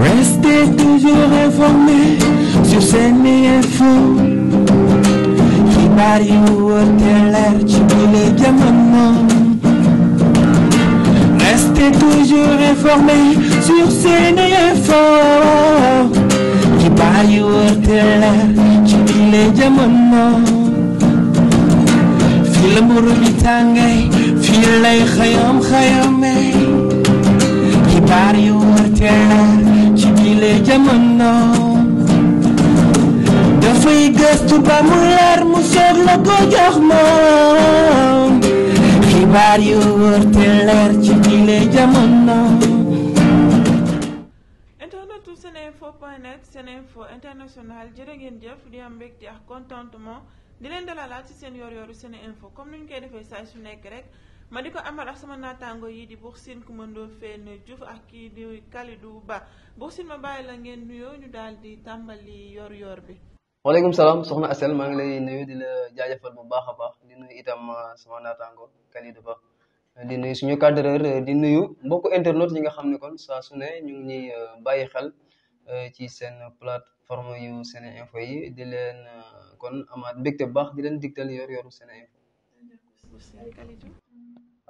Restez toujours informés sur SeneInfo. xibaar yi wóote leer ci bile jamono. toujours informés sur SeneInfo. xibaar yi ci bile jamono. fii la mburu bi tàngee fii lay xayam yile jamono dafay gëstu ba mu leer mu soog la ko jox moom xibaar yu wër te leer ci yile jamono internet u seneinfo point net seneinfo international jërë ngeen jëf di am mbégte ak contentement di leen dalalaat ci seen yor yoru seneinfo comme ni ñu koy defee saa su nekk rek ma di ko amar ak sama naataango yi di Buur Sine Coumba Ndoffène Diouf ak kii di Kalidou Ba Buur Sine ma bàyyi la ngeen nuyoo ñu daal di tàmbali yoor yoor bi waaleykum salaam soxna Asel maa ngi lay nuyu di la jaajëfal bu baax a baax di nuyu itam uh, sama naataango Kalidou Ba di nuyu suñu cadreur uh, di nuyu mbokku internautes yi nga xam ne kon saa su ne ñu ngi ñuy uh, bàyyi xel ci seen plateforme yu seen info yi di leen kon amaat mbégte bu baax di leen digtal yor yoru seen info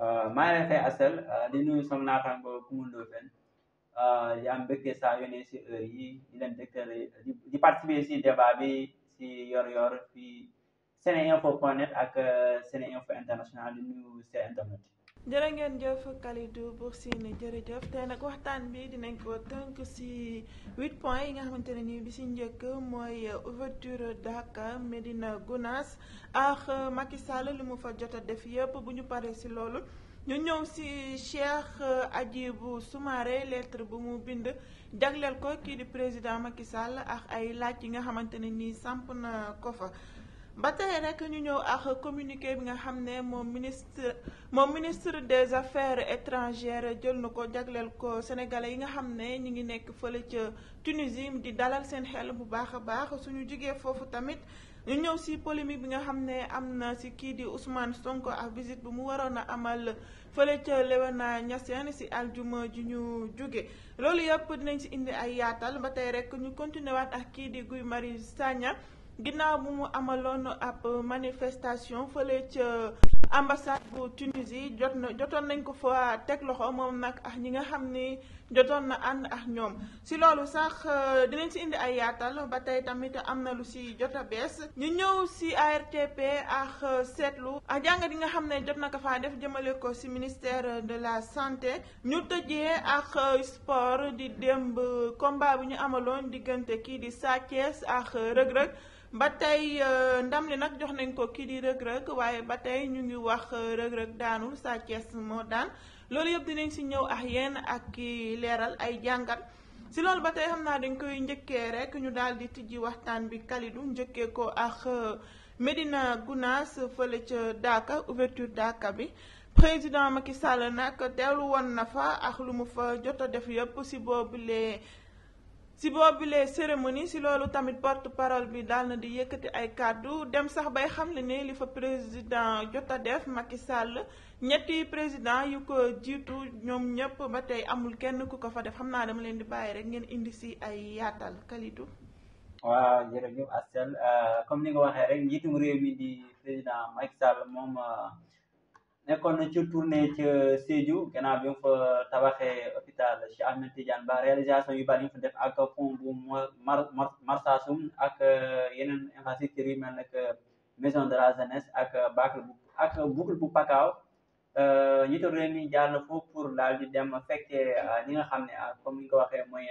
Euh, maa ngi lay fay asal euh, di nuyu sama naataango Koumba Ndofen si heure yi di leen dëkkale di di si débat bi si yor-yor fii Seneinfo point net ak euh, Seneinfo international di nuyu seen internet. jërë ngeen jëf Kalidou Boursine jërëjëf tey nag waxtaan bi dinañ ko tënk si huit points yi nga xamante ne nii bi si njëkk mooy euh, ouverture Dakar Médina Gounass ak euh, Macky Sall li mu fa jot a def yëpp bu ñu paree si loolu ñu ñëw si Cheikh euh, Hadjibou Soumaré lettre bu mu bind jagleel ko kii di président Macky Sall ak ay laaj yi nga xamante ne nii samp na ko fa. ba tey rek ñu ñëw ax communiqué bi nga xam ne moom ministre moom ministre des affaires étrangères jël na ko jagleel ko sénégalais yi nga xam ne ñu ngi nekk fële ca Tunisie di dalal seen xel bu baax a baax suñu jugee foofu tamit ñu ñëw si polémique bi nga xam ne am na si kii di Ousmane Sonko ak visite bu mu waroon a amal fële ca Léona Niassène si aljuma ju ñu jóge loolu yëpp dinañ si indi ay yaatal ba tey rek ñu continué waat ak kii di Guy Marius Sagna ginnaaw bu mu amaloon ab manifestation fële ca ambassade bu Tunisie jot na jotoon nañ ko fa teg loxo moom nag ak ñi nga xam ni jotoon na ànd ak ñoom si loolu sax euh, dinañ si indi ay yaatal ba tey tamit am na lu si jot a bees ñu ñëw si ARTP ak euh, seetlu ak jàng yi nga xam ne jot na ko faa def jëmale ko si ministère de la santé ñu tëjee ak euh, sport di démb combat bi ñu amaloon diggante kii di Sa Thiès ak Reug Reug ba tey euh, ndam li nag jox nañ ko kii di Reug Reug waaye ba tey ñu ngi wax euh, Reug Reug daanul Sa Thiès moo daan loolu yëpp dinañ si ñëw ak yéen ak ki leeral ay jàngat si loolu ba tey xam naa dañ koy njëkkee rek ñu daal di tijji waxtaan bi Kalidou njëkkee ko ak euh, Medina Gounass fële ca Daaka ouverture Daaka bi président Macky Sall nag dellu woon na fa ak lu mu fa jot a def yëpp si boobu lee si boobule cérémonie si loolu tamit porte parole bi daal na di yëkkati ay kàddu dem sax bay xam ne li fa président jot a def Macky Sall ñetti président yu ko jiitu ñoom ñëpp ba tey amul kenn ku ko fa def xam naa dama leen di bàyyi rek ngeen indi si ay yaatal Kalidou. waaw jërëjëf Astel euh, comme ni nga waxee rek réew mi di président Macky moom. Euh, nekkoon na ci tournée ca Sédhiou gannaaw bi mu fa tabaxee hôpital Cheikh Ahmed Tidiane Ba réalisation yi mu fa def ak pont bu Mar Marsassoum ak euh, yeneen infrastructure yi mel nag maison de la jeunesse ak euh, bâcle bu ak boucle bu Pakao ñi toog leen ni jaar pour daal di dem fekkee ñi euh, nga xam ne comme ni nga ko waxee mooy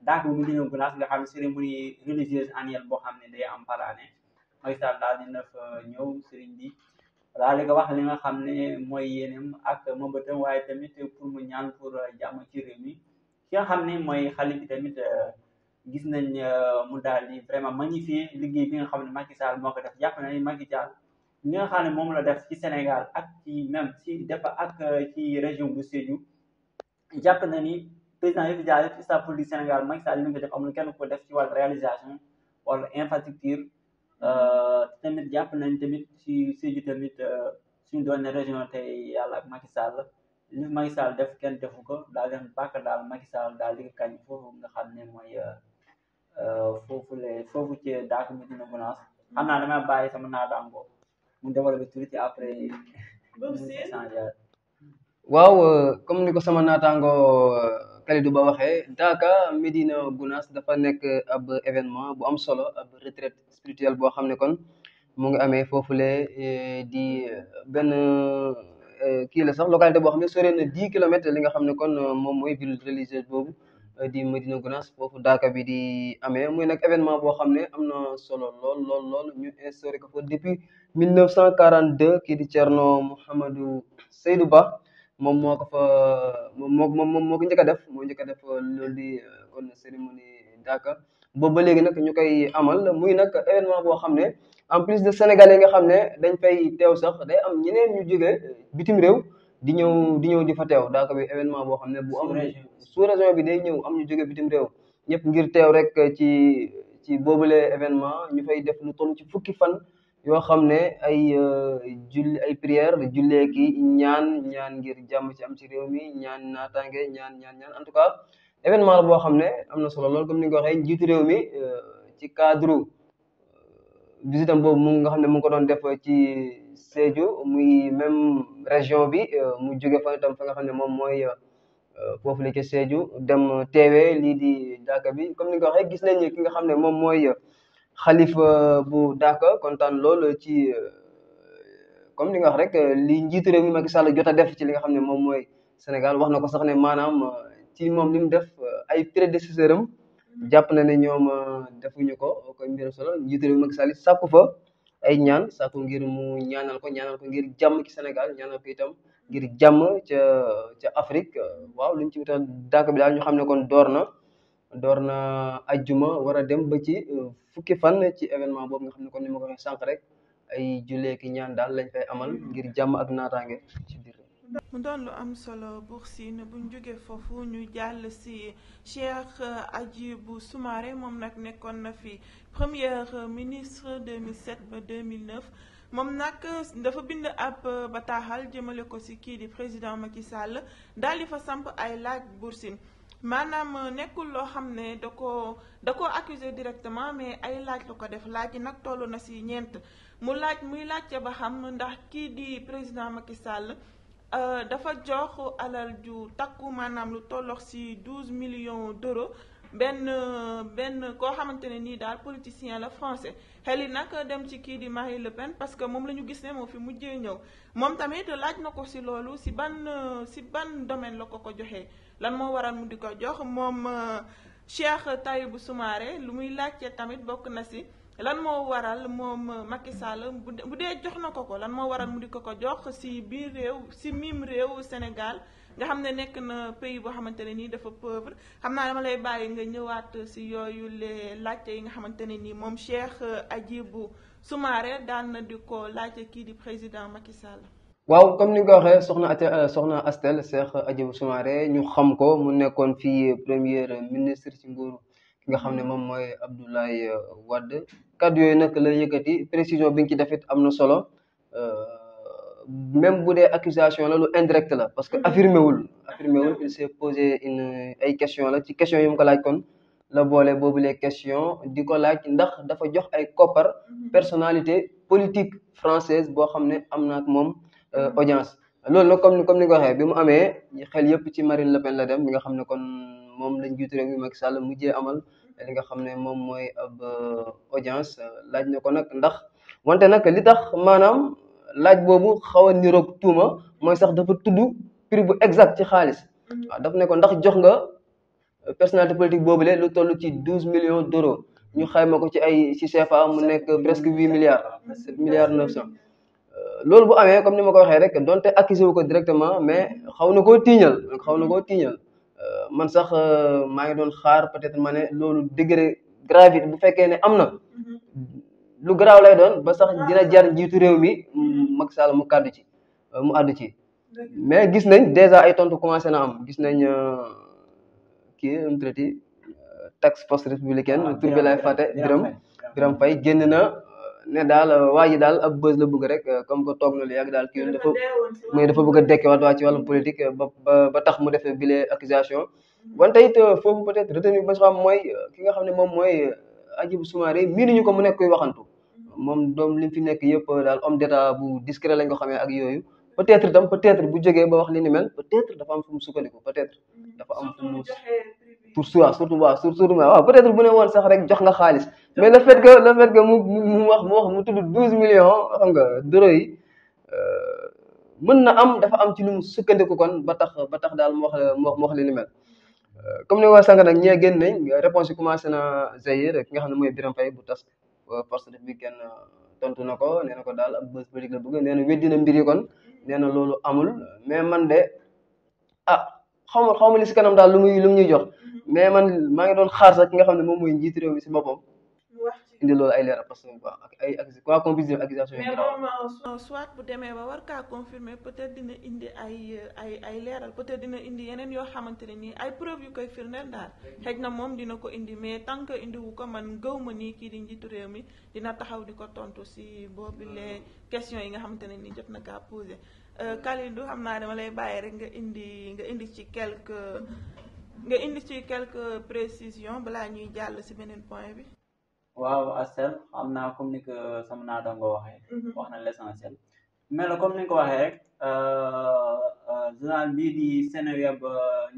dàq bu Médina Gounass nga xam ne cérémonie religieuse annuelle boo xam ne day am par année mooy daal di na fa ñëw sëriñ bi. daal di ko wax li nga xam ne mooy yéenem ak mëbëtam waaye tamit pour mu ñaan pour jàmm ci réew mi ki nga xam ni mooy xalifa bi tamit euh, gis nañ euh, mu daal di vraiment magnifier liggéey bi nga xam ne Macky Sall moo ko def jàpp na ne moom la def ci Sénégal ak ci même ci defa ak euh, ci région bu Sédhiou jàpp na ni président yi fi jaar ci staff politique Sénégal Macky Sall li mu ko def amul kenn ko def ci wàllu réalisation wala infrastructure Euh, tamit jàpp nañ tamit si Sédhiou tamit euh, suñu doon ne région tey yàlla ak Macky Sall li Macky Sall def kenn defu ko daal def bàkk daal Macky Sall daal di kañ foofu nga xam ne mooy euh, foofu le foofu ci daak mi dina menace xam naa damay bàyyi sama naataango mu développé tuuti après waaw comme ni ko sama Kalidou Ba waxee Daaka Medina Gounass dafa nekk ab événement bu am solo ab retraite spirituelle boo xam ne kon mu ngi amee foofule e, di benn e, kii la sax localité boo xam ne sore na dix li nga xam ne kon moom mooy ville religieuse boobu e, di Medina Gounass foofu Daaka bi di amee muy nag événement boo xam ne am na solo lool lool lool ñu instauré ko fa depuis mille neuf cent quarante deux kii di Thierno Mouhamadou Seydou Ba moom moo ko fa moom moo moom moo ko njëkk def moo njëkk a def euh, loolu di euh, kon cérémonie Dakar boobu ba léegi nag ñu koy amal muy nag événement boo xam ne en plus de sénégalais yi nga xam ne dañ fay teew sax day am ñeneen ñu jógee euh, bitim réew di ñëw di ñëw di fa teew daa bi événement boo xam ne bu am sous bi day ñëw am ñu jóge bitim réew ñëpp ngir teew rek ci ci boobule événement ñu fay def lu toll ci fukki fan yoo xam ne ay euh, julli ay prière jullee ki ñaan ñaan ngir jàmm ci am ci réew mi ñaan naataange ñaan ñaan ñaan en tout cas événement la boo xam ne am na solo lool comme ni nga waxe waxee njiitu réew mi euh, ci cadre euh, visitam boobu mu nga xam ne mu ngi ko doon def ci Sédhiou muy même région bi mu jóge fa itam fa nga xam ne moom mooy foofu la ca Sédhiou dem teewee lii di daaka bi comme ni nga ko waxee gis nañ ki nga xam ne moom mooy. xalifa bu Daaka kontaan lool ci euh, comme li nga wax rek li njiitu réew mi Macky Sall jot a def ci li nga xam ne moom mooy Sénégal wax na ko sax ne maanaam euh, ci moom li def euh, ay près prédécesseur am jàpp na ne ñoom defuñu ko koy mbiru solo njiitu réew mi Macky sàkku fa ay ñaan sàkku ngir mu ñaanal ko ñaanal ko ngir jàmm ci Sénégal ñaanal ko itam ngir jàmm ca ca Afrique waaw luñ ci wutal Daaka bi daal ñu xam ne kon door na. door na ajjuma war a dem ba ci euh, fukki fan ci événement boobu nga xam ne kon ni ma ko waxee sànq rek ay jullee ki ñaan daal lañ fay amal ngir jàmm ak nataange ci biir mu doon lu am solo Buur Sine bu ñu jógee foofu ñu jàll ci Cheikh euh, Hadjibou Soumaré moom nag nekkoon na fi premier ministre 2007 ba 2009 moom nag dafa bind ab bataaxal jëmale ko ci kii di président Macky Sall daal di fa samp ay laaj Buur maanaam nekkul loo xam ne da ko da ko accusé directement mais ay laaj la ko def laaj yi nag tollu na si ñeent mu laaj muy laajte ba xam ndax kii di président Macky Sall euh, dafa jox alal ju takku maanaam lu tollox si douze million d'euros benn benn koo xamante ne nii daal politicien la français xel yi nag dem ci kii di Marine Le Pen parce que moom la ñu gis ne moo fi mujjee ñëw moom tamit laaj na ko si loolu si ban si ban domaine la ko ko joxee lan moo waral mu di ko jox moom euh, Cheikh Tahibou Soumaré lu muy laajte tamit bokk na si lan moo waral moom euh, Macky Sall bu dee jox na ko ko lan moo waral mu di ko ko jox si biir réew si miim réew Sénégal nga xam ne nekk na pays boo xamante ne nii dafa pauvre xam naa ma lay bàyyi nga ñëwaat si yooyu les laajte yi nga xamante ne nii moom Cheikh Hadjibou Soumaré daan na di ko laajte kii di président Macky Sall. waaw comme ni nga ko waxee soxna Atel euh, soxna Astel Cheikh Hadjibou ñu xam ko mu nekkoon fii premier ministre ci nguuru ki nga xam ne moom mooy Abdoulaye Wade kàddu yooyu nag la yëkkati précision bi nga ci defit am na solo euh, même bu dee accusation la lu indirect la parce que mm-hmm. affirmé wul affirmé wul il ay question la ci question yu mu ko laaj kon la boole boobu les questions di ko laaj ndax dafa jox ay kopar mm-hmm. personnalité politique française boo xam ne am na ak moom Euh, audience loolu nag comme ni comme ni nga ko waxee bi mu amee xel yëpp ci Marine Le Pen la dem mi nga xam ne kon moom lañ jiitu réew mi Macky Sall mujjee amal li nga xam ne moom mooy ab euh, audience laaj ne ko nag ndax wante nag li tax maanaam laaj boobu xaw a niroog tuuma mooy sax dafa tudd prix bu exact ci xaalis waaw daf ne ndax jox nga personnalité politique boobule lu toll ci douze millions d'euros ñu xayma ko ci ay ci CFA mu nekk presque huit milliards milliards neuf cent loolu bu amee comme ni ma ko waxee rek donte accusé wo ko directement mais xaw na koo tiiñal xaw na koo tiiñal euh, man sax euh, maa ngi doon xaar peut-être ma ne loolu degré gravité bu fekkee ne am na mm-hmm. lu garaaw lay doon ba sax dina jar njiitu réew mi Macky Sall mu kàddu ci euh, mu àddu ci mais gis nañ déjà ay tontu commencé na am gis nañ kii um traité taxe poste républicaine ah, tur bi lay fàtte Birame Birame Faye génn na ne daal euh, waa ji daal a bës la bëgg rek euh, comme que toog na lu yàgg daal kii dafa muy dafa bëgg a dekkiwaat waa ci wàllum politique euh, ba ba tax mu defee bile accusation wante it foofu peut-être retenu ba xam mooy ki nga xam ne moom mooy Hadjibou Soumaré miinu ñu ko mu nekk kuy waxantu moom doom li mu fi nekk yëpp daal homme d'état bu discret lañ ko xamee ak yooyu peut-être tam peut-être bu jógee ba wax li ni mel peut dafa am fu mu sukkandiku peut-être dafa am fu mu pour sura surtout waaw sur surtout waaw peut être bu ne woon sax rek jox nga xaalis mais le fait que le fait que mu mu wax mu wax mu tudd douze millions xam nga doro euh, mën na am dafa am ci lu mu sukkandiku kon ba tax ba tax daal mu wax mu wax li ni mel euh, comme ni waa sànq nag ñee génn nañ réponse yi commencé na Zahir ki nga xam ne mooy Birame Faye bu tas euh, parce que bi kenn tontu na ko nee na ko daal ab bés politique la bëgg nee na weddi na mbir yi kon nee na loolu amul mais man de ah xaw ma xaw ma li si kanam daal lu muy lu mu ñuy jox mais man maa ngi doon xaar sax ki nga xam ne moom mooy njiitu réew mi si boppam. indi loolu ay leeral parce que quoi ak loolu demee ba war kaa confirmer peut-être dina indi ay ay ay leeral peut-être dina indi yeneen yoo xamante ne nii ay preuve yu koy firndeel daal xëj na moom dina ko indi mais tant que indi ko man gëw ma nii kii di njiitu réew mi dina taxaw di ko tontu si boobu les ah. questions yi nga xamante ne nii jot na kaa posé Euh, Kalidou xam naa dama lay bàyyi rek nga indi nga indi ci quelque nga indi ci quelque précision balaa ñuy jàll si beneen point bi. waaw Asel xam naa comme ni ko sama naataangoo waxee. Mhm. wax na l'essentiel. mais comme ni nga ko waxee rek euh, euh, journal bii di Seneweb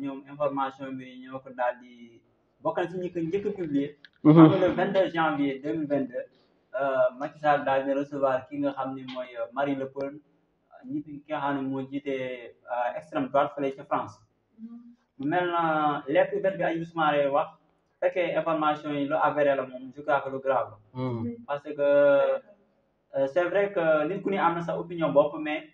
ñoom information bi ñoo ko daal di bokk na ci ñi ko njëkk a publier. Mhm. xam le 22 janvier 2022 Macky daal di recevoir ki nga xam ni mooy Marie Le Pen. njiitu ki nga xam ne moo jiite euh, extrême droite fële ca France mm-hmm. mel na lettre ouverte bi Hadjibou Soumaré wax fekkee information yi lu avéré la moom je crois lu grave mm. mm-hmm. parce que euh, c'est vrai que nit ku ne am na sa opinion bopp mais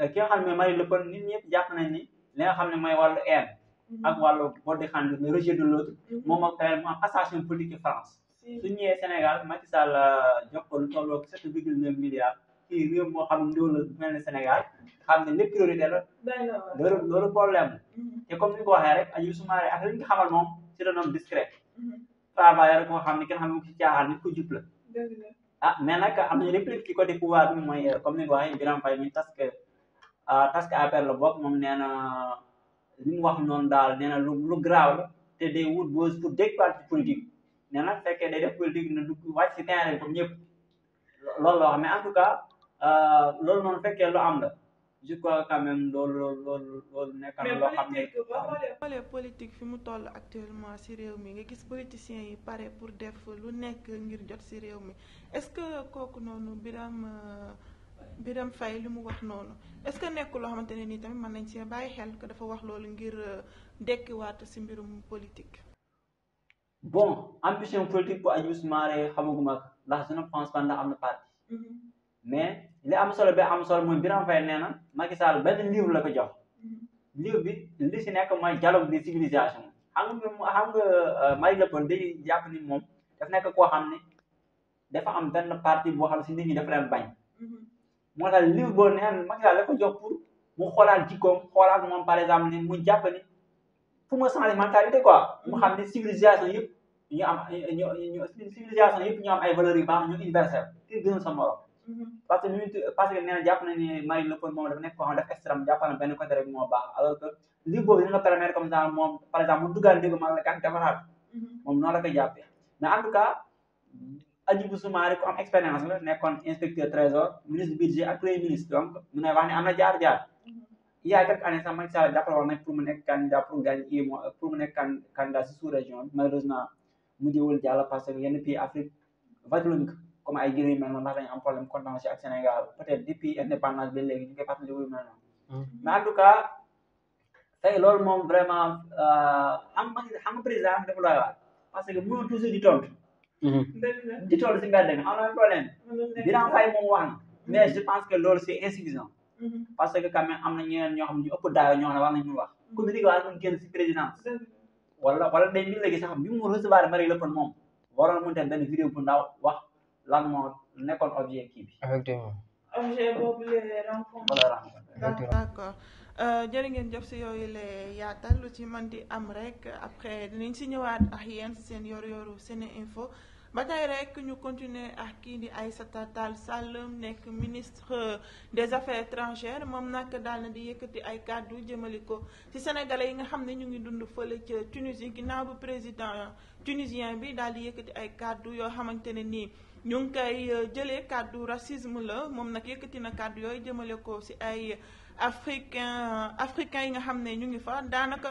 euh, ki nga xam ne mooy Marine Le Pen nit ñëpp jàpp nañ ni li xam ne mooy wàllu air mm-hmm. ak wàllu boo di xam ne rejet de moom ak tamit mu France su ñëwee Sénégal Macky Sall lu tolloo sept virgule neuf milliards kii réew moo xam ne loolu mel ne Sénégal xam ne lépp priorité la. loolu problème mm-hmm. te comme ni ko waxee rek Aliou a ak li ñu xamal moom c'est un homme discret. Mm-hmm. travailleur moo xam ne kenn xam ne ci caaxaan nit ko jub la. ah mais nag am nañu réplique ci côté pouvoir mooy euh, comme ni ko waxee Birame Faye parce que parce euh, que APR moom nee na li mu wax noonu daal nee na lu graaw la te day wut bose pour dégg parti politique nee na fekkee day def politique na du wàcc si terrain comme ñëpp loolu la wax mais en tout cas Euh, loolu noonu fekkee lu am la je crois quand même loolu loolu loolu loolu nekk na loo xam ne politique fi mu toll actuellement ci réew mi nga gis politiciens yi pare pour def lu nekk ngir jot ci réew mi est-ce que kooku noonu Birame euh, biram fay li mu wax noonu est-ce que nekk loo xamante ne nii tamit mën nañ ci bàyyi xel que dafa wax loolu ngir euh, dekkiwaat ci mbirum politique bon ambition politique bu Adji Mare xamaguma ndax je ne pense pas am na parti mm-hmm. mais li am solo bi am solo mooy Birame Faye nee na Macky Sall benn livre la ko jox mhm. livre bi li si nekk mooy dialogue des civilisations xam nga xam nga euh, Marie Le Pen day jàpp ni moom daf nekk koo xam ne dafa am benn parti boo xam si nit ñi dafa leen bañ mhm. moo tax livre boo nee na Macky la ko jox pour mu xoolaat jikkoom xoolaat moom par exemple ni mu jàpp ni fu mu changer mentalité quoi mu xam ne civilisation yëpp ñu am ñu civilisation yëpp ñu am ay valeurs yu baax ñu universel kii gën Mm-hmm. parce que ñu parce que na jàpp na ni Marine Le Pen moom dafa nekk koo xam def extrême jàppal na benn côté rek moo baax alors que li dina la permettre comme ça moom par exemple mu dugal dégg la kan defaraat moom noonu la ko jàppee mais en tout cas Hadjibou Soumaré ku am expérience la nekkoon inspecteur trésor ministre budget a premier ministre donc mu ne wax ne am na jaar-jaar mm-hmm. il y a quelques années sax Macky Sall jàppale woon nag pour mu nekk candidat pour gagner IMO pour mu nekk candidat si sous région malheureusement mu jëwul jàll parce que yenn pays Afrique comme ay giri yu mel noonu ndax dañu am problème contentieux ak Sénégal peut-être depuis indépendance bi léegi ñu ngi fàttali wu mel hmm. loolu moom vraiment xam euh, nga xam nga président dafa doy waar que mënoo toujours di tontu. Hmm. di toll si mbedd mi am na problème. dina fay moom wax na mais je pense loolu c'est insuffisant. Hmm. parce que quand même na ñeneen ñoo ñu ëpp daayoo ñoo xam ne war nañu wax. communiqué waa ñu génn si présidence. wala mi léegi sax bi mu recevoir Marie moom waroon na mën a benn vidéo bu wax. lan moo nekkoon objet kii bi. effectivement. objet boobu les rencontres. d'accord euh, jërë ngeen jëf si yooyu la yaatal lu ci mën di am rek après niñ si ñëwaat ak yéen seen yor-yoru seen info ba tey rek ñu continuer ak kii ay Aïssata Tall Sall nekk ministre des affaires étrangères moom nag daal na di yëkkati ay kàddu jëmale ko ci sénégalais yi nga xam ne ñu ngi dund fële ca Tunisie ginnaaw bu président tunisien bi daal di yëkkati ay kàddu yoo xamante ne nii. ñu ngi koy euh, jëlee kàddu racisme la moom nag yëkkati na kàddu yooyu jëmale ko ci ay africain euh, africain yi nga xam ne ñu ngi fa daanaka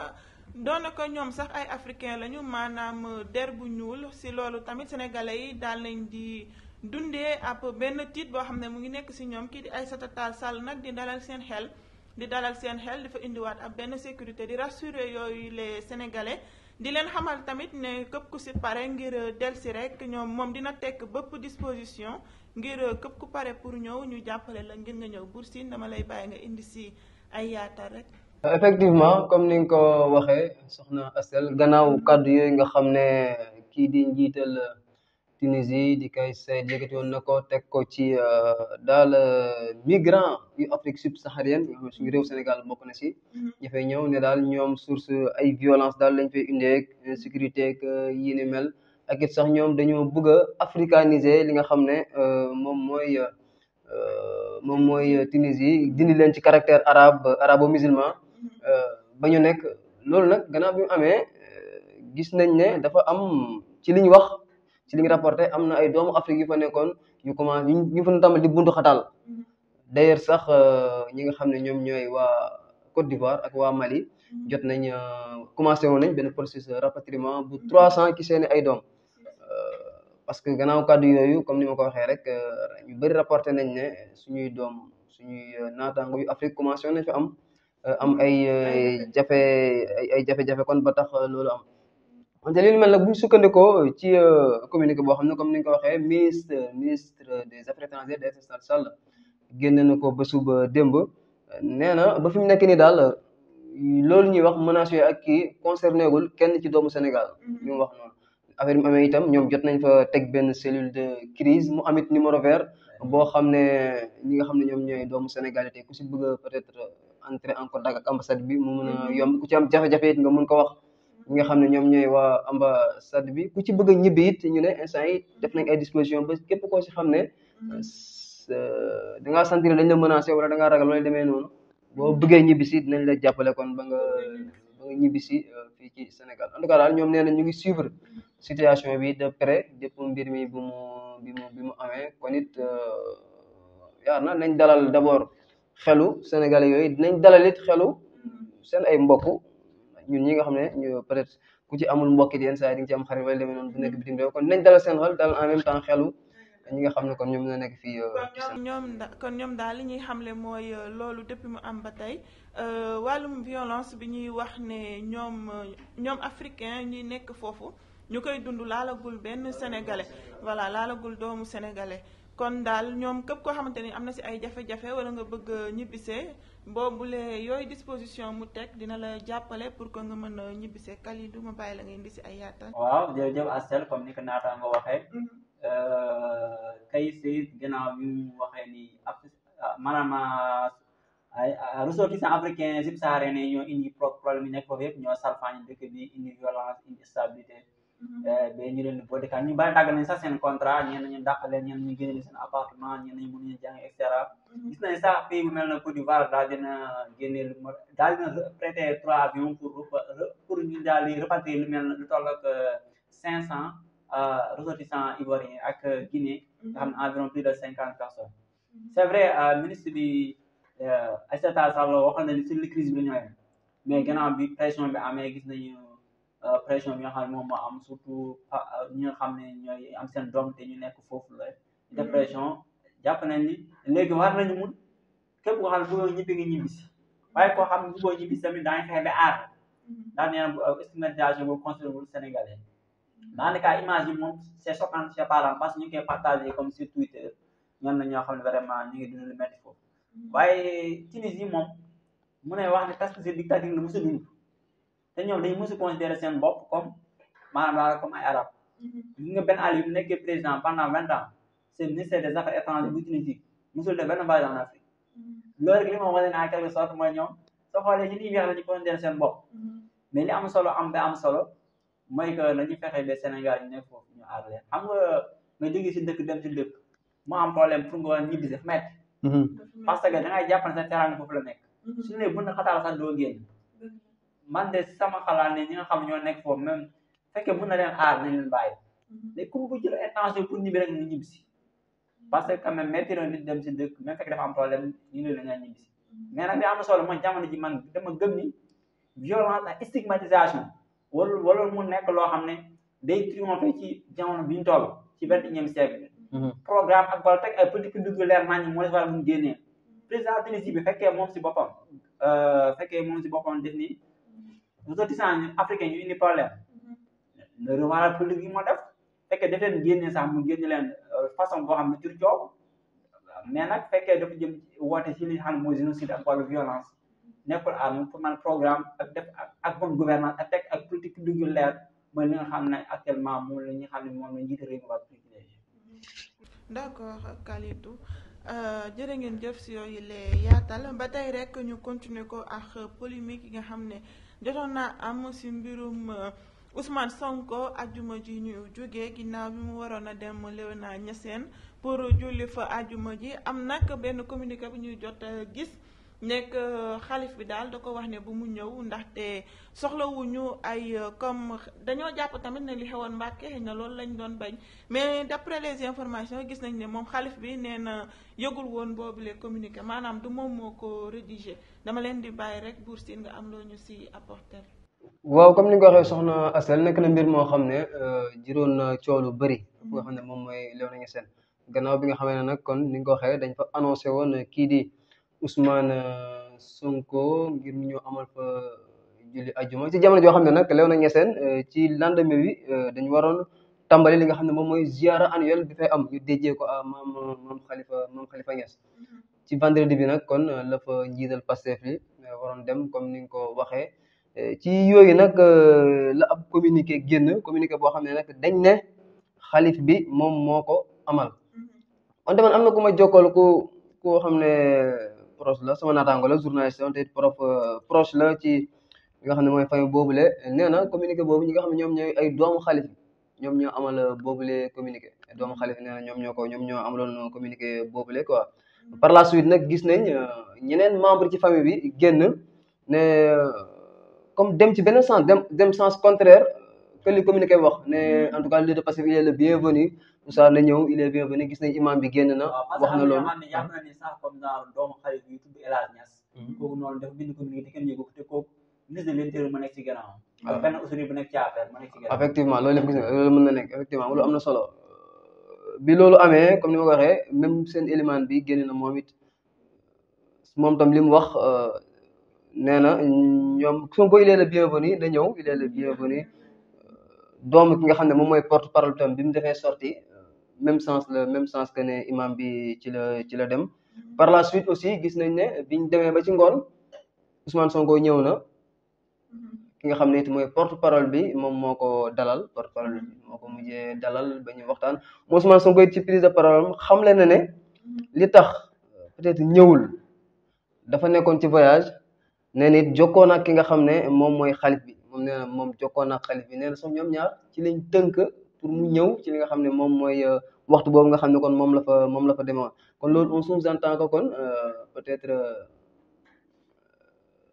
doonaka ñoom sax ay africain lañu maanaam euh, der bu ñuul ci loolu tamit sénégalais yi daal nañ di dundee ab benn tiit boo xam ne mu ngi nekk ci ñoom kii di Aïssata Tall Sall nag di dalal seen xel di dalal seen xel dafa indiwaat ab benn sécurité di rassurer yooyu les sénégalais di leen xamal tamit ne képp ku si pare ngir euh, si rek ñoom moom dina tekk bépp disposition ngir euh, këpp ku pare pour ñëw ñu jàppale la ngir nga ñëw Bour Sine dama lay bàyyi nga indi si ay yaatal rek. effectivement comme ni nga ko waxee soxna Asel gannaaw kàddu yooyu nga xam ne kii di njiital. Tunisie di koy seet yëkkati woon na ko teg ko ci euh, daal euh, migrant yu Afrique subsaharienne yoo Sénégal bokk na si dafay mhm. ñëw ne daal ñoom source ay violence daal lañ fay indeeg insécurité ak euh, yi ni mel ak sax ñoom dañoo bëgg a africaniser li nga xam ne moom mooy moom mooy Tunisie dindi leen ci caractère arabe arabo musulman mhm. ba ñu nekk loolu nag gannaaw bi amee gis nañ ne dafa am ci li wax ci li ñu rapporté am na ay doomu Afrique yu fa nekkoon yu commencé ñu fa nu tàmbali di buntu xataal mm-hmm. d'ailleurs sax euh, ñi nga xam ne ñoom ñooy waa Côte d'Ivoire ak waa Mali mm-hmm. jot nañ euh, commencé woon nañ benn processus rapatriement bu trois cent ki seeni ay doom euh, parce que gannaaw kàddu yooyu comme ni ma ko waxee rek ñu bëri rapporté nañ ne suñuy doom suñuy naataango yu Afrique commencé woon nañ fa am am ay jafe ay jafe kon ba tax loolu am wante li mel nag bu ñu sukkandikoo ci euh, communiqué boo xam ne comme ni nga ko waxee ministre ministre des affaires étrangères de Sall Sall génne na ko bésu ba démb nee na ba fi mu nekk nii daal loolu ñuy wax menaces yooyu ak kii concerné gul kenn ci doomu Sénégal. Mm-hmm. ñu wax noonu affaire bi amee itam ñoom jot nañ fa teg benn cellule de crise mu amit numéro vert boo xam ne ñi nga xam ne ñoom ñooy doomu Sénégal te ku si bëgg peut-être entrer encore contact ak bi mu mën a mm-hmm. yomb ku ci nga mun ko wax. ñi nga xam ne ñoom ñooy waa ambassade bi ku ci bëgg a ñibbi it ñu ne instant yi def nañ ay disposition ba képp koo si xam ne da ngaa ne dañ la menacé wala danga ngaa ragal wala demee noonu boo bëggee ñibbi si dinañ la jàppale kon ba nga ñibbisi nga ñibbi euh, fii ci Sénégal en daal ñoom nee na ñu ngi suivre situation bi de près jëpp mbir mi bu mu bi mu bi mu amee kon it euh, yaar na nañ dalal d'abord xelu Sénégalais yooyu dinañ dalal it xelu seen ay mbok ñun ñi nga xam ne ñu peut ku ci amul mbokk yenn saa yi di nga ci am xarit wala demee noonu bu nekk bitim réew kon nañ dalal seen xel dalal en même xelu ñi nga xam ne kon ñoom ñoo nekk fii. Euh, kon ñoom kon ñoom daal li ñuy xamle mooy euh, loolu depuis mu am ba tey euh, wàllum violence bi ñuy wax ne ñoom ñoom africain ñuy nekk foofu ñu koy dund laalagul benn sénégalais voilà laalagul doomu sénégalais kon daal ñoom képp koo xamante ni am na si ay jafe-jafe wala nga bëgg ñibbisee. boobule yooyu disposition mu teg dina la jàppale pour que nga mën a ñibbisee Kalidou ma bàyyi la nga indi si ay yaatal. waaw jërëjëf Astel comme ni ko naata nga waxee. Mm-hmm. Euh, kay sayit gannaaw bi mu waxee ni af maanaam ressortissants africains subsahariens ñoo indi problème nekk foofu yëpp ñoo salfaañi dëkk bi indi violence indi stabilité. Mm-hmm. Eh, ba ñu leen di ñu bari dàgg nañ sax seen contrat ñeen nañu dàq leen ñeen ñu génne seen appartement ñeen nañu mënuñu jàng et cetera mm-hmm. gis nañ sax pays mel na Côte daal dina génne lu daal dina prêter trois avions pour pour ñu daal di répartir lu mel lu toll ak euh, cinq cent euh, ressortissants ivoiriens ak euh, Guinée mm-hmm. nga xam ne environ plus de cinquante personnes c'est vrai ministre bi Aïssata Sall waxoon na ni sur la crise bi la ñëwee mais gannaaw bi pression Euh, pression bi xam ne moom am surtout ñi xam ne ñooy am seen doom te ñu nekk foofu la dépression mm-hmm. jàpp nañ ni léegi war ñu mun képp koo xam ne bëggoo ñibbi nga ñibbi si waaye koo xam ne bëggoo ñibbi si tamit daañu fexe ba aar ndax nee na stigmatisation boobu considéré wul sénégalais mais en tout cas image moom c'est choquant c'est parlant parce que ñu ngi koy comme sur Twitter ñoom na ñoo xam ne vraiment ñu ngi dund lu métti foofu mm-hmm. waaye Tunisie moom mu ne wax ne presque c'est dictature la mos a dund te ñoom dañu mos a considéré seen bopp comme maana daal comme ay arab nga Ben Ali bu nekkee président pendant vingt ans c'est ministère des affaires étrangères bu Tunisie mosul def benn voyage en Afrique loolu rek li ma wane naa quelque sorte mooy ñoom soo xoolee ci nii weex la ñu seen bopp mais am solo am ba am solo mooy que nañu fexe ba Sénégal ñu ne foofu ñu aar leen xam nga nga si dëkk dem si dëkk mu am problème pour nga ñibbi def métti parce que da ngay jàpp ne sa terrain foofu la nekk su ne bu na xataal sax doo man de sama xalaat ne ñi nga xam ñoo nekk foofu même fekkee mën na leen aar nañ leen bàyyi mhm. mais comme bu jël bi rek ñu ñibbi si parce que quand même métti na nit dem si dëkk même fekk dafa am problème ñu ne la nga mais nag li am solo mooy jamono ji man dama gëm ni violence ak stigmatisation wala wala mu nekk loo xam ne day triompher ci jamono bi ñu toll ci vingt et unième siècle mhm. programme ak wala teg ay politique publique leer naa ñi moo def war mun génnee mhm. président Tunisie bi fekkee moom si boppam euh, fekkee moom si boppam def ni nous autres ñun africain ñu indi problème mhm. le revanche politique yi moo def fekkee daf leen génne sax mu génne leen euh, façon boo xam ne jur coow mais nag fekkee dafa jëm woote ci li nga xam ne mooy génocide ak wàllu violence nekkul am pour man programme ak def ak bonne gouvernance ak teg ak politique publique yu leer mooy li xam ne actuellement moom la ñu xam ne moom la njiit réew mi war privilégié d' accord Kalidou Euh, jërë ngeen jëf si yooyu lee yaatal ba tey rek ñu continuer ko ak polémique yi nga xam ne jotoon naa am si mbirum euh, Ousmane Sonko ajuma ji ñu jógee ginnaaw bi mu waroon a dem naa ñaseen pour julli fa ajuma ji am nag benn communiqué bi ñuy jot gis. nekk euh, xalif bi daal da ko wax ne bu mu ñëw ndax ndaxte soxlawuñu ay euh, comme dañoo jàpp tamit ne li xewoon Mbàkke xëy na loolu lañ doon bañ mais d'après les informations gis nañ ne moom xalif bi nee na yëgul woon boobu lee communiqué maanaam du moom moo ko rédigé dama leen di bàyyi rek Buur Siin nga am loo ñu si apporter waaw comme ni nga ko waxee soxna Asel nekk na mbir moo xam ne euh, juróon na coow lu bëri mhm. nga xam ne moom mooy Léona Niassène gannaaw bi nga xamee ne nag kon ni nga ko waxee dañ fa annoncé woon kii di Ousmane euh, Sonko ngir ñu amal fa euh, julli ajuma ci jamono joo xam ne nag Léona Niassène euh, ci lendemain bi dañu waroon tambali li nga xam ne moom mooy ziara annuelle bi fay am ñu déjee ko à xalifa maam Khalifa maam Khalifa Niass mm-hmm. ci vendredi bi nag kon la fa njiital Pastef li waroon dem comme ni nga ko waxee ci yooyu nag la ab communiqué génn communiqué boo xam ne nag dañ ne xalif bi moom moo ko amal mm-hmm. wante man am na ku ma ku xam ne proche la sama naataango la journaliste te prof euh, proche la ci nga xam ne mooy famille boobule nee na communiqué boobu ñi nga xam ne ñoom ñooy ay doomu xalif ñoom ñoo amal euh, boobule communiqué doomu xalif nee na ñoom ñoo ko ñoom ñoo amaloon euh, communiqué boobule quoi par la suite nag na nañ ñeneen membre ci famille bi génn ne comme dem ci benn sens dem dem sens contraire que li communiqué wax ne en tout cas le leader Pastef il est le Moussa la ñëw il est bienvenu gis nañ imam bi génn na wax na loolu yàgg ni sax comme genre doomu xarit yu tudd El Hadj Niass mhm. ko ko te kooku ministre de l'intérieur ma nekk ci gànnaaw ah. benn mën na nekk effectivement loolu am na solo euh, bi loolu amee comme ni waxee seen élément bi génn na moom it tam li mu wax euh, nee na ñoom Sonko il est le ñëw il est le euh, ki nga xam ne moom mooy porte parole tam bi mu defee sorti même sens la même sens que ne imam bi ci la ci la dem par la suite aussi gis nañ ne biñ demee ba ci ngoon Ousmane Sonko ñëw na ki nga xam ne it mooy porte parole bi moom moo ko dalal porte parole bi moo ko mujjee dalal ba waxtaan moo Ousmane Sonko it ci prise de parole am xamle na ne li tax peut-être ñëwul dafa nekkoon ci voyage nee na it jokkoon ak ki nga xam ne moom mooy xalif bi moom nee na moom xalif bi nee na ñoom ñaar ci lañ tënk pour mu ñëw ci li nga xam ne moom mooy euh, waxtu boobu nga xam ne kon moom la fa moom la fa demoon kon loolu on sous-entend que kon euh, peut-être euh,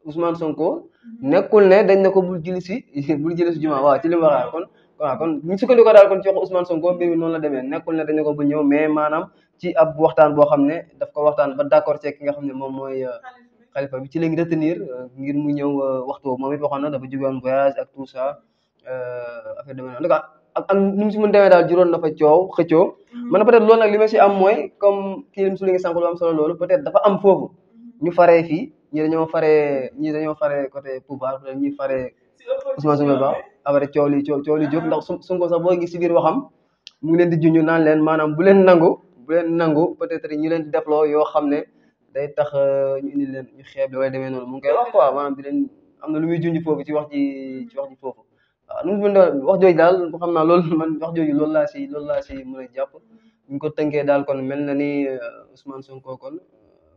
Ousmane Sonko nekkul ne dañ ne ko bul julli si bul julli si juma waaw ci li mu waxaa kon waaw kon ñu sukkandiku daal kon ci wax Sonko mbir mi noonu la demee nekkul ne dañ ne ko bul ñëw mais maanaam ci ab waxtaan boo xam ne daf ko waxtaan ba d'accord ki nga xam ne moom mooy euh, xalifa bi ci lañ retenir ngir mu ñëw waxtu boobu moom it waxoon na dafa jógewoon voyage ak tout ça affaire de en tout ak ak nu mu si mën demee daal juróon na fa coow xëccoo mm-hmm. man peut être loolu nag li ma si am mooy comme kii lim su li ngi sànq lu am solo loolu peut être dafa am foofu mm-hmm. ñu faree fii ñii dañoo faree ñii dañoo faree côté pouvoir peut être ñii faree Ousmane Sonko ba après coow li coow coow li jóg ndax Sonko sax boo gis si biir waxam mu ngi leen di junj naan leen maanaam bu leen nangu bu leen nangu peut être ñu leen di déploo yoo xam ne day tax euh, ñu indi leen ñu xeeb li wala demee noonu mu ngi wax quoi maanaam di leen am na lu muy junj foofu ci wax ci wax ji foofu waaw nu mu mën wax jooju daal xam naa loolu man wax jooju loolu laa si loolu a jàpp bu ko tënkee daal kon mel na ni euh, Ousmane Sonko kon euh,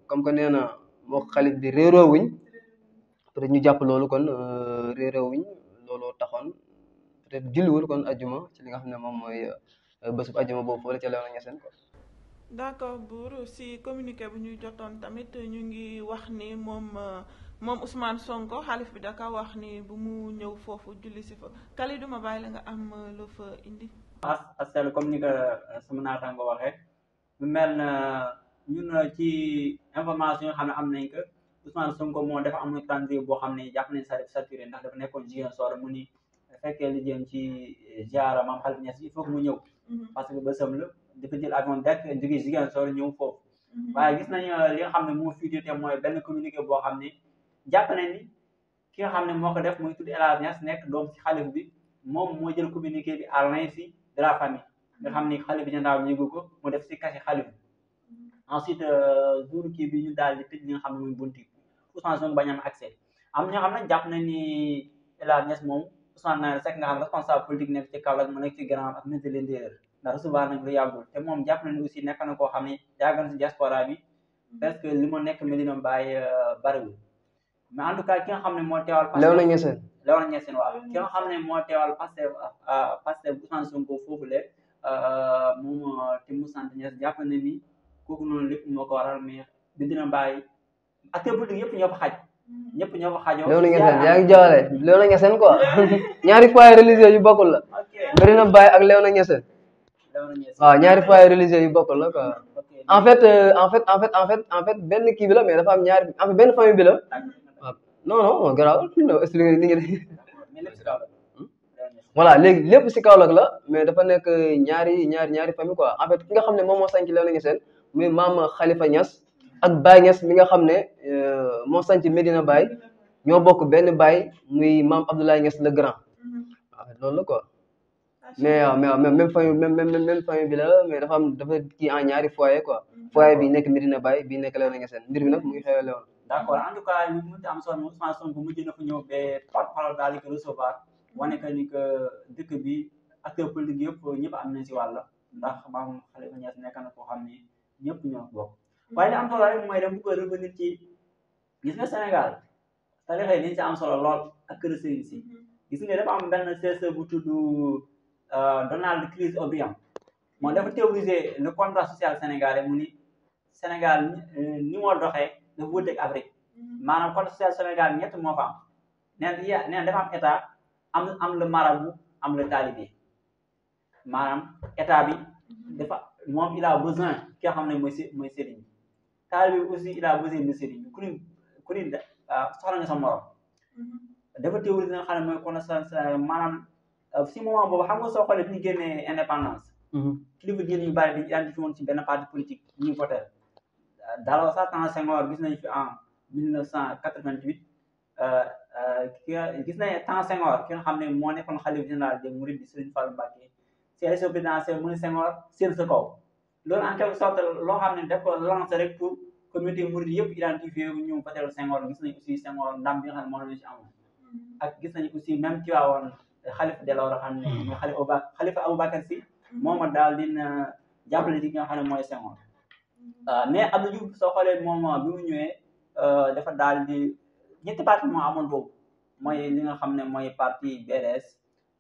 comme que nee na moo xalit bi réeroo wuñ peut être ñu jàpp loolu kon euh, réeroo wuñ looloo taxoon peut être julliwul kon ajuma ci li nga xam ne moom mooy bésub ajuma boobu foofu la ca Léona Niassène quoi. d' si communiqué bu ñu jotoon tamit ñu ngi wax ni moom. moom Ousmane Sonko xalif bi da ka wax ni bu mu ñëw foofu julli si fa Kalidou ma bàyyi la nga am euh, loo fa indi. as ah, asel comme ni ko euh, sama naataango waxee mu mel na euh, ci information xam ne am nañ ko Ousmane Sonko moo dafa am candidat boo xam ne yi jàpp nañ sa def saturé ndax dafa nekkoon jigéen soor mu ni fekkee li jëm ci ziara maam xalif ñes il faut mu ñëw. Mm-hmm. parce que bésam la dafa jël avion dekk jóge jigéen soor ñëw foofu. Mm-hmm. waaye gis nañ li nga xam ne mu fuité te mooy benn communiqué boo xam ne. jàpp nañ ni ki nga xam ne moo ko def muy tudd El Hadj Niass nekk doom si xalif bi moom moo jël communiqué bi à l'insu de la famille nga xam ni xalif bi général bi yëgu ko mu def si kasi xalif bi ensuite jour euh, kii bi ñu daal di tëj li nga xam ne muy bunti Ousmane Sonko bañ am accès am ñoo xam ne jàpp nañ ni El Hadj Niass moom Ousmane na Seck nga xam responsable politique nekk ci Kaolack mu nekk ci grand ak ministre de l'intérieur ndax recevoir nañ lu yàggul te moom jàpp nañ aussi nekk na koo xam ne yàggoon si diaspora bi mm-hmm. parce que li mu nekk Medina Baye euh, bariwul mais en tout cas ki xam ne moo teewal. Léona Niassène waaw ki nga xam ne moo teewal Pastef Pastef Ousmane Sonko foofule euh, moom euh, te sant Niass jàpp na ni ko waral mais di dina bàyyi acteur politique yëpp xaj. ñëpp ñoo fa xajoo. Léona Niassène yaa ngi ñaari foyer religieux yu bokkul la. Medina Baye ak Léona Niassène. waaw ñaari foyer religieux yu bokkul la quoi. Euh, en fait en fait en fait en fait en benn kii bi la mais dafa am benn famille bila non non garaawul non expliqué li ngeen voilà lépp si Kaolack la mais dafa nekk ñaari ñaari ñaari famille quoi en ki nga xam ne moom moo sanc Léona Niassène muy maam Khalifa Niass ak Baye Niass mi nga xam ne euh, moo sanc Medina Baye ñoo bokk benn baay muy maam Abdoulaye Niass le grand waaw ah, loolu la quoi mais ah, ah, mais même famille même famille bi mais dafa dafa kii en ñaari foyer quoi foyer bi nekk Medina Baye bi nekk Léona Niassène mbir bi nag mu ngi xewee Léona d' en tout cas ñu mënti am sonn mujj na fa ñëw ba par parole daal di ko recevoir wane que ni dëkk bi acteur politique yëpp ñëpp am nañ si wàll ndax maam Khalifa Niass nekk na koo xam ni ñëpp ñoo bokk waaye li am solo rek mooy dem bu ko revenir ci gis nga Sénégal tarixa yi dañ si am solo lool ak kër sëriñ mm-hmm. gis nga dafa am benn chercheur bu tudd euh, Donald Chris O'Brien moo dafa théoriser le contrat social sénégalais mu ni Sénégal euh, ni moo doxee dafa wuuteeg Afrique mm-hmm. maanaam kon Sénégal ñett moo fa am neen ya am état am am le marabout am le talibé maanaam état bi mm-hmm. dafa moom il a besoin ki nga xam ne mooy mooy sëriñ bi talibé bi aussi il a besoin de sëriñ bi ku ni ku ni ah, soxla nga sa morom mm-hmm. dafa théorie nga xam ne mooy kon maanaam ah, si moment boobu xam nga soo xoolee bi ñu génnee indépendance kilifa diine yu bari dañu daan fi woon ci benn parti politique ñuy voter sax Tange Senghor gis nañ fi en 1988 ki gis nañ Tange Senghor ki nga xam ne moo nekkoon xalif général des Mourides di Serigne Fallou Mbacké si élection présidentielle eh, mu ne Senghor seen sa kaw loolu en quelque sorte loo xam ne daf ko lancé rek pour communauté Mouride yëpp identifié wu ñu voté Senghor gis nañ aussi Senghor ndam bi nga xam ne moom la ci amoon ak gis nañ aussi même Tivaouane xalif Delor xam ne mooy xalif Aboubacar xalifa Aboubacar si mooma daal dina jàppale ci nga xam ne mooy Senghor waaw euh, mais Abdou Diouf moom xoolee moment bi euh, dafa daal di ñetti parti moo amoon boobu mooy li nga xam ne mooy parti BRS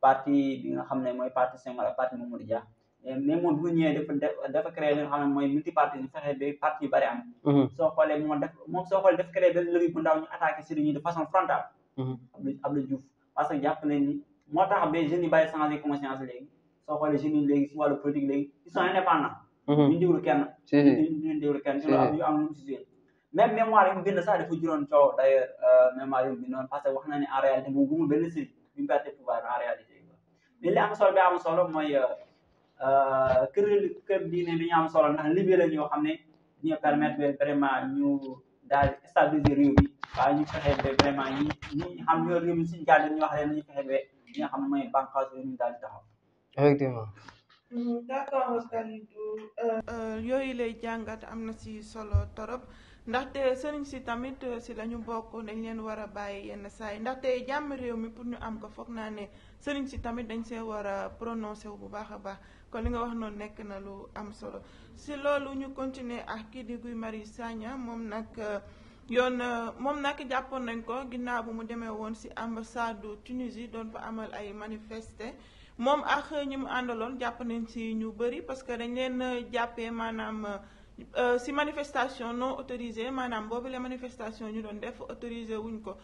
parti bi nga xam ne mooy parti Senghor ak parti Mamadou Dia mais moom bu ñëwee dafa dafa créé li nga mooy multi parti ñu fexe ba parti yu bëri am. Mhm. soo xoolee moom def moom soo xoolee dafa créé benn bu ndaw ñu attaqué si ñi de façon frontale. Mhm. Abdou Abdou parce que jàpp nañ ni moo tax ba jeunes yi bàyyi changé conscience léegi soo xoolee léegi si wàllu politique léegi ils sont indépendants. ñu mm-hmm. déglu kenn ñu déglu kenn ñu am ñu am lu si même mémoire yi mu bind sax dafa juróon coow d'ailleurs euh, mémoire yi mu bindoon parce que wax na ne en réalité moom gumul benn sëriñ bi mu perte pouvoir en réalité li li am solo bi am solo mooy euh, euh, kër kër diine bi ñu am solo ndax libéré la ñoo xam ne ñu permettre vraiment ñu daal stabiliser réew bi waaye ñu fexe ba vraiment ñi ñi xam ñoo réew mi suñu jàll ñu wax leen ñu fexe ba ñi nga xam ne mooy bànqaas yi ñu daal di taxaw effectivement Mm-hmm. d'accord Oscar euh, euh, yooyu lay jàngat am na si solo torop ndaxte sëriñ si tamit euh, si la ñu bokk dañ leen war a bàyyi yenn saa yi ndaxte jàmm réew mi pour ñu am ko foog naa ne sëriñ si tamit dañ see war a prononcé wu bu baax a baax kon li nga wax noonu nekk na lu am solo si loolu ñu continuer ak kii di Guy Marius Sagna moom nag yoon moom nag jàppoon nañ ko ginnaaw bu mu demee woon si ambassade Tunisie doon fa amal ay manifester moom ak ñi mu àndaloon jàpp nañ si ñu bëri parce que dañ leen euh, jàppee maanaam ci euh, manifestation non autorisée maanaam boobu la manifestation ñu doon def autorisé wuñ ko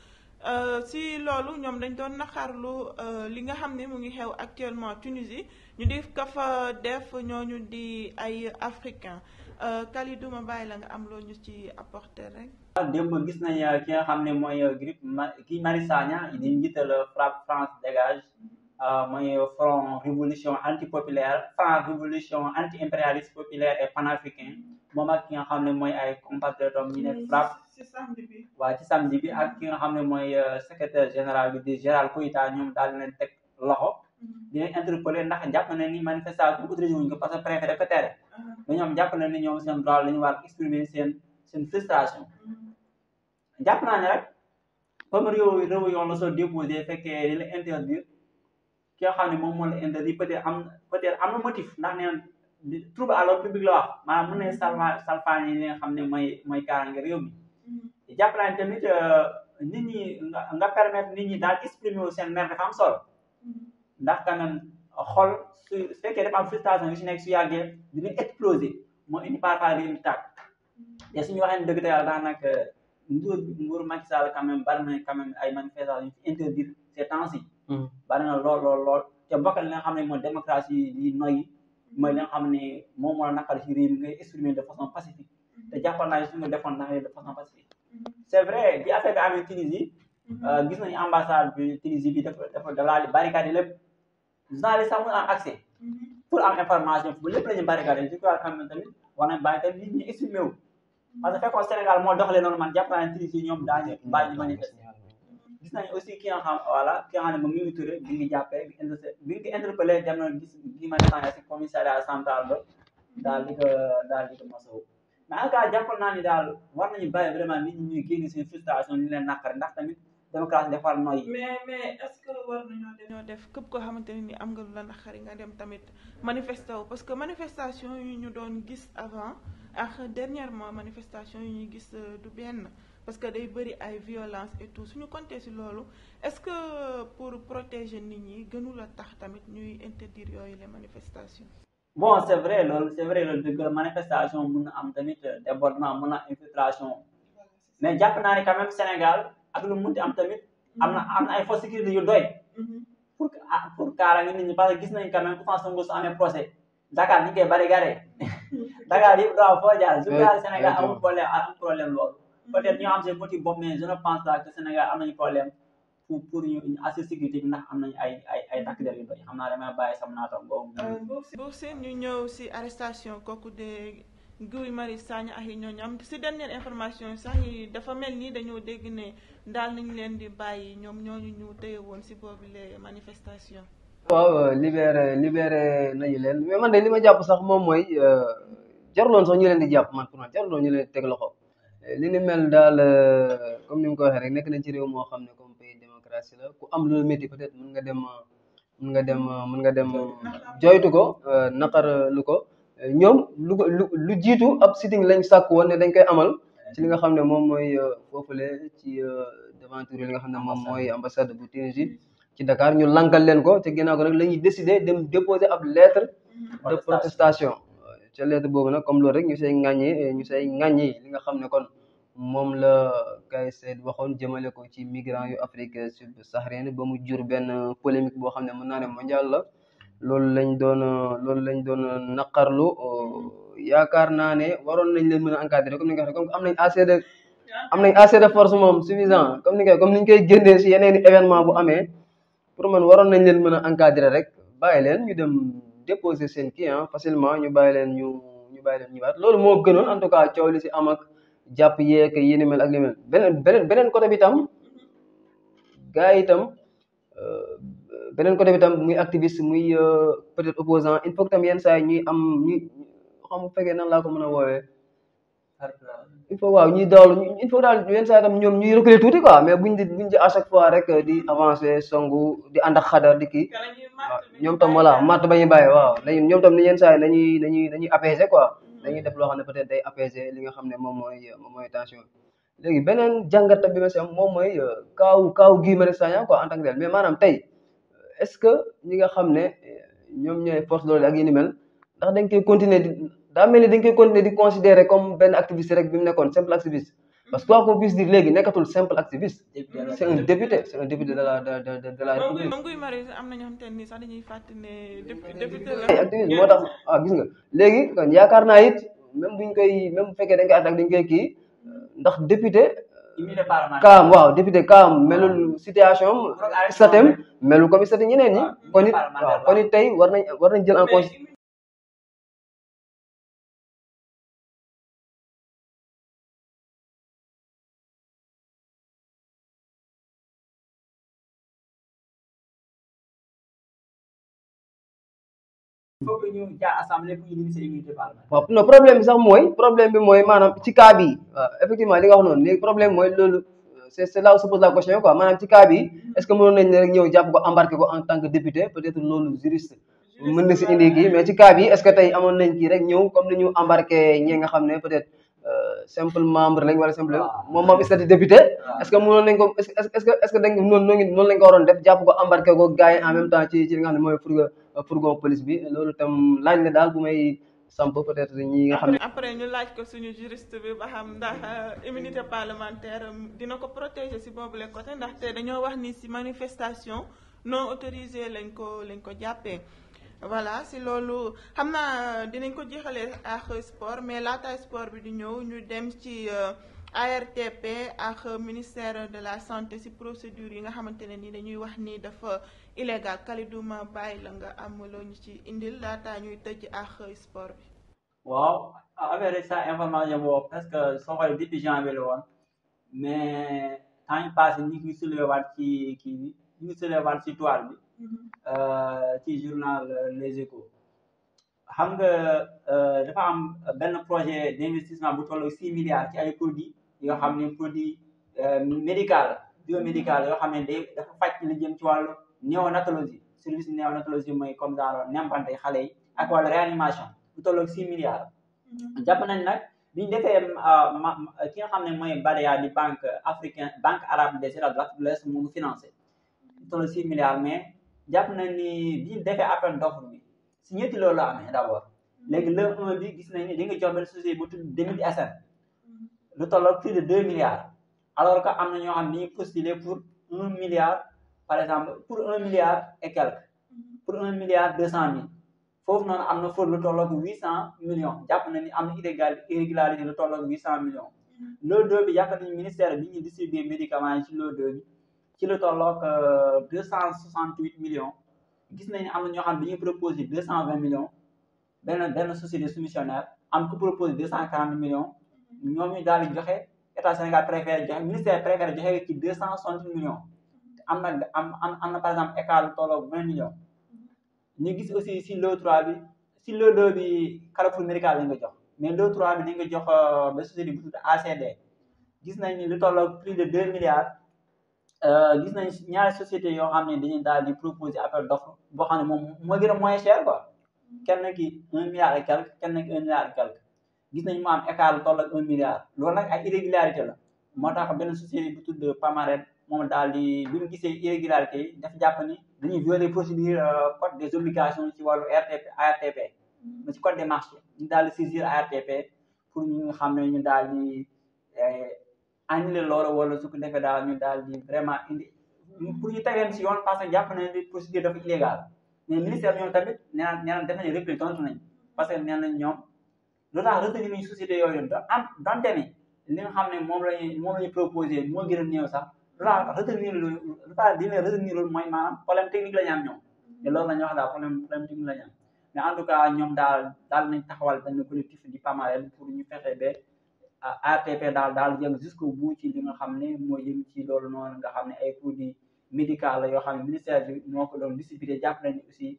ci euh, loolu ñoom dañ doon naqarlu li nga xam ne mu ngi xew actuellement Tunisie ñu di ka fa def ñu di ay africain Kalidou ma bàyyi la nga am loo ñu ci apporter rek. waaw ah, démb gis nañ ki nga xam ne mooy grippe ma kii Mari Sagna di njiital FRAPP France dégage. Euh, mooy front révolution antipopulaire front révolution anti impérialiste populaire et panafricain moom ak ki nga xam ne mooy ay compatriotes am ñu ne FRAPP waaw ci samedi bi ak ki nga xam ne mooy euh, secrétaire général bi di Gérald Koïta ñoom daal leen teg loxo mm-hmm. dinañ interpellé ndax jàpp na ni manifestation autorisé wuñ ko parce que préfet dafa tere uh-huh. ñoom jàpp na ni ñoom seen droit la ñu war exprimer seen seen frustration mm-hmm. jàpp naa ne rek comme réew réew soo déposé fekkee ki xam ne moom moo la interdit peut être am peut am na motif ndax nee na trouble à l'ordre public la wax maanaam mën salfaani li nga xam ne mooy mooy kaaraange réew mi mm-hmm. jàpp naa tamit euh, ni ñi nga permettre ni ñi daal exprimer wu seen mer dafa am solo mm-hmm. ndax kanam xol su fekkee dafa am frustration yu si nekk su yàggee dina exploser moo indi parfois mi tàkk mm-hmm. te suñu waxee ne dëgg te yàlla daanaka euh, nguur nguur Macky Sall quand même bari na ay manifestations yu fi interdire ces temps Mm. bari na lool lool lool te bokk na li xam ne mooy démocratie yi noyyi mooy li nga xam ne moom moo la naqari si réew ngay exprimer de façon pacifique mm. te jàppal naa ne suñu defoon naa de façon pacifique mm. c' est vrai bi affaire bi amee Tunisie mm-hmm. euh, gis nañu ambassade bi Tunisie bi dafa dafa dalaa di barricade lépp journaliste sax mun am accès mm-hmm. pour am information bu lépp la ñu barricade je crois quand même tamit war nañ tamit nit ñi wu parce que fekkoon Sénégal moo doxalee noonu man jàpp naa ne Tunisie ñoom daañu mm-hmm. bàyyi gis nañ aussi ki nga xam voilà ki nga xam ne moom Mimi Touré bi ngi jàppee bi ngi daal di daal di ko masawu mais en tout jàppal naa ni daal war ñu bàyyi vraiment nit ñi ñuy génn seen frustration ñu leen naqari ndax tamit démocratie dafa nooy mais mais est-ce que war nañoo def ñoo def képp koo xamante ne ni am nga lu la naqari nga dem tamit manifesté wu parce que manifestation yu ñu doon gis avant ak dernièrement manifestation yu ñuy gis euh, du benn parce que day bëri ay violence et tout suñu compter ci loolu est-ce que pour protéger nit ñi gënul a tax tamit ñuy interdire yooyu le manifestations bon c'est vrai loolu c'est vrai loolu dëgg mun na am tamit euh, débordement mun na infiltration mais jàpp naa ne quand même Sénégal ak lu munti am tamit am na am na ay forces sécurité yu doy mm-hmm. pour ah, pour nit ñi parce que gis nañ quand même Ousmane Sonko su amee procès Dakar ni koy bari garé Dakar yëpp doo am foo jaar euh, Sénégal amul peut-être ñoo am seen petit bopp mais je ne pense pas que Sénégal am nañu ñu assez sécurité am nañu ay ay ay takk der yu doy euh, si arrestation kooku de Guy Marius Sagna ak yi ñooñu am si dernière information sax yi dafa mel nii dañoo dégg ne daal nañu leen di bàyyi ñoom ñooñu ñu téye woon si boobu les manifestations. waaw euh, libéré nañu leen mais man de li ma jàpp sax moom mooy euh, jaruloon sax ñu leen di jàpp man pour man jaruloon ñu leen teg loxo. li ni mel daal euh, comme ni nga ko waxee rek nekk nañ ci réew moo xam ne comme pays démocratie la ku am lu la métti peut-être mën nga dem mën nga dem mën nga dem joytu ko euh, naqar lu ko ñoom lu lu jiitu ab sitting lañ sàkk woon ne dañ koy amal ci li nga xam ne moom mooy euh, foofule ci devanture li nga xam ne moom mooy ambassade bu Tunisie ci Dakar ñu lankal leen ko te ginnaaw ko rek la ñuy décider dem déposer ab lettre mmh. de protestation ca lettre boobu nag comme loolu rek ñu say ŋàññee ñu say ŋàññee li nga xam ne kon moom la kay seet waxoon jëmale ko ci migrants yu Afrique subsaharienne ba mu jur benn polémique boo xam ne mën naa ne mondial la loolu lañ doon loolu lañ doon naqarlu yaakaar naa ne waroon nañ leen mën a encadrer comme ni nga xam ne comme am nañ assez de am nañ assez de force moom suffisant comme ni nga comme ni koy génnee si yeneen événement bu amee pour man waroon nañ leen mën a encadrer rek bàyyi leen ñu dem déposer seen kii ah facilement ñu bàyyi leen ñu ñu bàyyi leen ñu baat moo gënoon en tout cas coow li si am ak jàpp yeeg yi ni mel ak li mel beneen beneen beneen côté bi tam gars yi tam euh, beneen côté bi tam muy activiste muy euh, peut-être opposant il faut que tam yenn saa yi ñuy am ñu xam bu fekkee nan laa ko mën a woowee il faut waaw ñuy daal il faut daal yenn saa tam ñoom ñuy reculer tuuti quoi mais buñ di a di chaque fois rek di avancer songu di ànd ak xada di kii waaw ñoom tam voilà matt ba ñuy bàyyi waaw dañuy ñoom tam yenn saa yi dañuy dañuy dañuy apaiser quoi dañuy def loo xam ne peut-être day apaiser li nga xam ne moom mooy moom mooy tension bi léegi beneen jàngat bi ma si am moom mooy euh, kaaw kaaw Guy Marius Sagna quoi en tant mais maanaam tey est-ce que ñi nga xam ne euh, ñoom ñooy force de l'ordre ak ndax dañ koy continuer di daa mel ni dañ koy continuer di considérer comme benn activiste rek bi mu nekkoon simple activiste. parce que quoi qu'on puisse dire léegi nekkatul simple activiste. c' est un député c' est un député de la de de de la république. donc am na ñoo xamante ne sax dañuy fàttali ne député la. activiste moo tax ah gis nga léegi kon yaakaar naa it même buñ koy même bu fekkee dañ koy attaque dañ koy kii ndax député. kaam waaw député kaam melul situation am. satem melul comme sati ñeneen ñi. kon it waaw kon it tey war nañ war nañ jël en compte. il faut que ñu jaar assemblée pour ñu dindi seen immunité parlementaire. waaw problème sax mooy problème bi mooy ci cas bi euh, effectivement li nga wax problème mooy loolu c' est c' est pose la question quoi maanaam ci ci cas est ce que tey amoon nañ rek ñëw comme ni embarqué ñi nga ne peut être euh, simple membre lañ wala simple ah. moom moom est ce que est ce que est ce que dañ noonu noonu lañ ko embarqué ko gars en même temps ci nga xam ne mooy pour fourgon euh, police bi loolu tam laaj la daal bu may samp peut-être ñi nga xam ne. après ñu laaj ko suñu juriste bi ba xam ndax euh, immunité parlementaire dina ko protéger si boobu le côté ndaxte dañoo wax ni si manifestation non autorisée lañ ko lañ ko jàppee. voilà si loolu xam naa euh, dinañ ko jeexalee ak sport mais laata sport bi di ñëw ñu dem ci ARTP ak ministère de la santé si procédure yi nga xamante ne ni dañuy wax ni dafa illégal Kalidou bàyyi la nga am loo ñu ci indil laataa ñuy tëj ak sport bi. waaw affaire sa information boobu parce que soo xoolee depuis janvier la woon mais temps yi ñu ngi soulevé ci kii bi ñu ngi soulevé ci toile bi. Euh, ci journal Les Échos. xam nga euh, dafa am benn projet d'investissement bu toll six milliards ci ay produits yoo xam ne produit euh, médical biomédical yoo xam ne dafa faj li jëm ci wàllu. néonatologie service néonatologie mooy comme genre nempante xale yi ak wàllu réanimation bu tolloog six milliards mhm. jàpp nañ nag biñu defee euh, ki nga xam ne mooy BADEA di banque africaine banque arabe des États de l'Afrique mu ngi financé tolloog six milliards mais jàpp nañ ni biñu defee appel d'offre bi si ñetti loolu la amee d'abord mhm. léegi le un bi gis nañ ni di nga jox benn société bu tudd mhm. de deux milliards alors que am na ñoo xam ni dañuy postuler pour un milliard par exemple pour un milliard et quelque pour deux cent mille foofu noonu am na fraude lu tolloog huit cent millions jàpp na ni am na illégal irrégularité lu tolloog huit cent millions mm-hmm. lot deux bi jàpp nañu ministère bi ñu distribué médicaments yi ci lot deux bi ci lu tolloog euh, deux cent soixante huit am na ñoo xam ne dañuy proposé deux cent vingt millions benn benn société soumissionnaire am ku proposé deux cent quarante millions mm-hmm. ñoom ñu daal joxe ministère préféré joxe ci deux cent soixante am na am am na par exemple écart lu tolloog vingt millions ñu gis aussi si lot 3 bi si lot 2 bi Carrefour Mérical lañ ko jox mais lot trois bi dañ ko jox euh, ba société bu tudd ACD gis nañ ni lu tolloog plus de deux milliards euh, gis nañ ñaari société yoo xam ne daal di proposer appel boo xam ne moo gën a moins kenn ki un milliard kenn ki un milliard et nañ mu am écart lu tolloog un milliard loolu nag ay irrégularité la moo tax benn société bu tudd Pamaret moom daal di bi mu gisee irrégularité yi dafa jàpp ni dañuy violer procédure euh, code des obligations ci wàllu RTP ARTP mais mm. ci daal di saisir ARTP pour ñu xam ne ñu daal di euh, annulé loolu wala su ku defee daal ñu daal di vraiment indi pour ñu teg leen si yoon parce que jàpp nañ ni procédure dafa illégale mais ministère ñoom tamit nee na nee na def nañu nañ parce que nee nañ ñoom lu tax retenir nañu société yooyu doon am donte ni li xam ne moom lañuy moom lañuy proposé moo gën a sax lu la retenir lu tax di retenir loolu mooy maanaam problème technique la ñu am ñoom te loolu la ñuy daal problème technique la ñu mais en tout cas ñoom daal daal nañ taxawal benn collectif di PAMAREL pour ñu fexe ba ARTP daal daal jëm jusqu'au bout ci li nga xam ne moo ci loolu noonu nga xam ne ay produits médicaux la yoo xam ne ministère bi moo ko doon distribué jàpp nañu aussi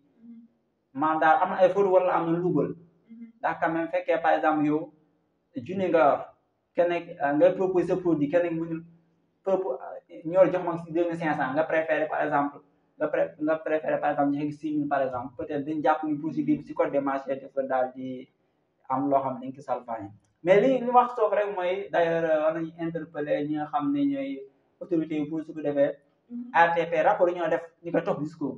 daal am ay fóotu wala am na luubal ndax quand même fekkee par exemple yow junne nga kenn ngay proposé produit ñoo jox ma si deux mille cinq cent nga préféré par exemple nga pré nga préféré par exemple joxe six par exemple peut être dañ jàpp ni procédure bi si code des marchés dafa daal di am xam ne dañ ko mais li li wax soof rek mooy d' ailleurs war interpellé ñi nga xam ne ñooy autorité yi pour su ko defee ARTP rapport ñoo def ñu ko top discours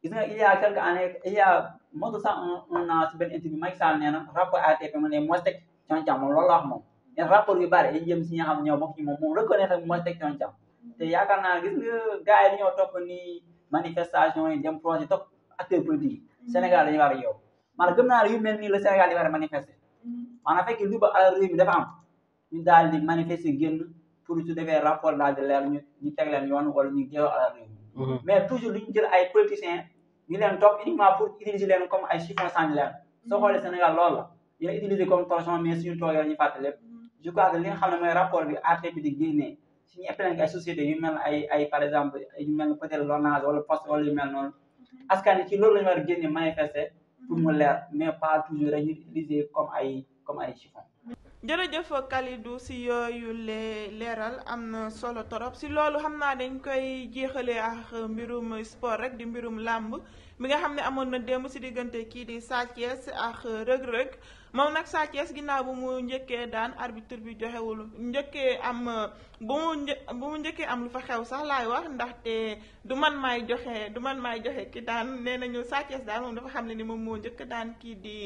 gis nga il y a quelques années il y a moo tax sax un an si benn interview Macky Sall nee na rapport ARTP mu ne moo teg cancan moom loolu yenn rapport yu bari dañ jëm si ñi nga xam ñoo bokk ci moom moom reconnaître ak mooy teg coono te yaakaar naa gis nga gars yi dañoo topp ni manifestation yi dem projet topp acteur politique yi mm-hmm. Sénégal dañu war a yow maanaam gëm naa ne yu mel nii la Sénégal di war a manifester mm-hmm. maanaam fekk lu ba alal réew mi dafa am ñu daal di manifester génn pour su defee rapport daal di leer ñu ñu teg leen yoon wala ñu jéem alal réew mi mm-hmm. mais toujours lu ñu jël ay politiciens ñu leen topp uniquement pour utiliser leen comme ay chiffon sànni leen soo xoolee Sénégal loolu la yéen utiliser comme torchon mais suñu tool yi ñu fàtte lépp je crois que li nga xam ne mooy rapport bi ART bi di génnee suñu épingle ay société yu mel ay ay par exemple yu mel peut-être Lonase wala Poste wala yu mel noonu mm-hmm. askan ci loolu la ñu war mu mm-hmm. leer mais pas toujours ñu utiliser comme ay comme ay chiffon. jërëjëf Kalidou si yooyu le leeral am na solo torop si loolu xam naa dañ koy jeexalee ak mbirum sport rek di mbirum làmb mi nga xam ne amoon na démb si diggante kii di Sa Thiès ak Reug Reug moom nag Sa ginnaaw bu mu njëkkee daan arbitre bi joxewul njëkkee am bu mu një bu njëkkee am lu fa xew sax laay wax ndaxte du man maay joxe du man maay joxe ki daan nee nañu Sa Thiès daal moom dafa xam ne ni moom moo njëkk daan kii di.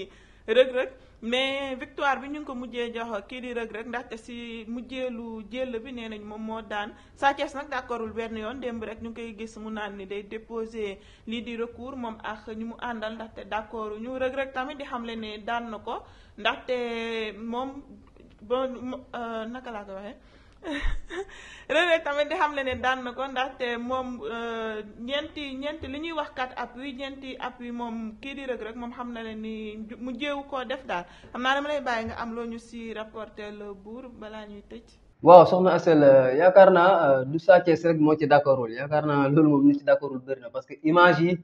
Reug Reug mais victoire bi ñu ngi ko mujjee jox kii di Reug Reug ndaxte si mujjeelu jël bi nee nañ moom moo daan Sa Thiès nag d'accordul benn yoon démb rek ñu ngi koy gis mu naan ni day déposé lii di recours moom ak ñu mu àndal ndaxte d'accord ñu Reug Reug tamit di xamle ne daan na ko ndaxte moom ba euh, naka laa ko waxee René tamit di xam le ne daan na ko ndaxte moom euh, ñeenti ñeenti li ñuy wax quatre appuis ñeenti appuis moom kii di Reug Reug moom xam na ne ni mu jeewu ko def daal xam naa dama lay bàyyi nga am loo ñu si rapporté le buur balaa ñuy tëj. waaw soxna Asel euh, yaakaar naa euh, du Sa Thiès rek moo ci d'accordul yaakaar naa loolu moom ñu ci d'accordul bëri na parce que image yi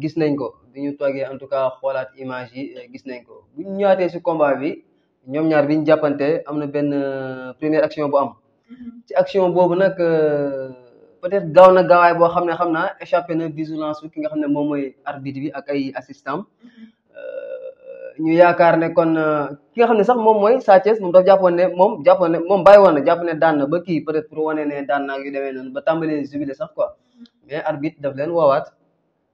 gis nañ ko bi ñu toogee en tout cas xoolaat image yi gis nañ ko bu ñu ñaatee si combat bi ñoom ñaar bi jàppante am na benn première action bu am. Mhm. ci action boobu nag euh, peut-être gaaw na gaawaay boo xam ne xam naa échappé na vigilance bi ki nga xam ne moom mooy arbitre bi ak ay assistant mhm. euh, ñu yaakaar ne kon euh, ki nga xam ne sax moom mooy Sa Thiès moom dafa jàppoon ne moom jàppoon ne moom bàyyi woon na jàpp ne daan na ba ki peut-être pour wane ne daan na ak yu demee noonu ba tàmbalee jubilé sax quoi mhm. mais arbitre daf leen woowaat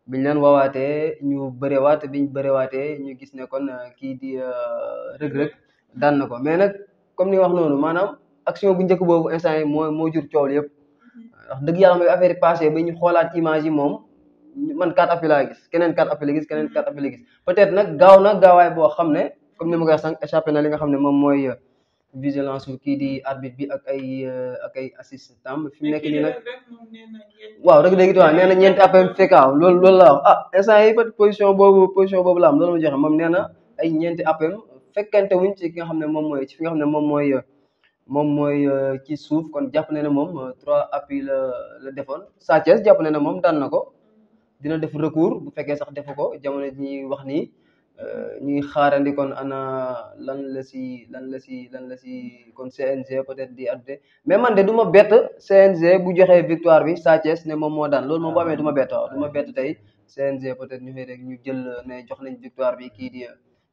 biñ leen woowaatee ñu bërewaat biñ bërewaatee ñu gis ne kon kii di rëg-rëg daan na ko mais nag comme ni wax noonu action bu njëkk boobu instant yi moo jur coow yëpp wax dëgg yàlla mooy affaire yi ba ñu xoolaat image yi moom man quatre appuis laa gis keneen quatre appuis la gis keneen quatre appuis la peut-être nag gaaw na gaawaay boo xam ne comme ni ma ko wax sànq échappé na li nga xam ne moom mooy euh, vigilance bu kii di arbitre bi ak ay euh, ak ay assistant fi mu nekk nii nag waaw rek léegi waaw nee na ñeenti appel fekk waaw loolu loolu la wax ah instant yi boobu boobu la am loolu moom nee na ay ñeenti appel fekkente wuñ ci ki nga xam ne moom mooy ci fi nga xam ne moom mooy euh, moom mooy euh, ci suuf kon jàpp na ne moom euh, trois appui la la defoon Sa Thiès jàpp na moom daan na ko dina def recours bu fekkee sax defu ko jamono ji wax nii euh, ñuy xaarandi kon ana lan la si lan la si lan la si kon CNG peut-être di adde mais man de du ma bett CNG bu joxee victoire bi Sa Thiès ne moom moo daan loolu moom bu amee du ma bett waaw ma bett tey CNG peut-être ñu xëy rek ñu jël ne jox nañ victoire bi kii di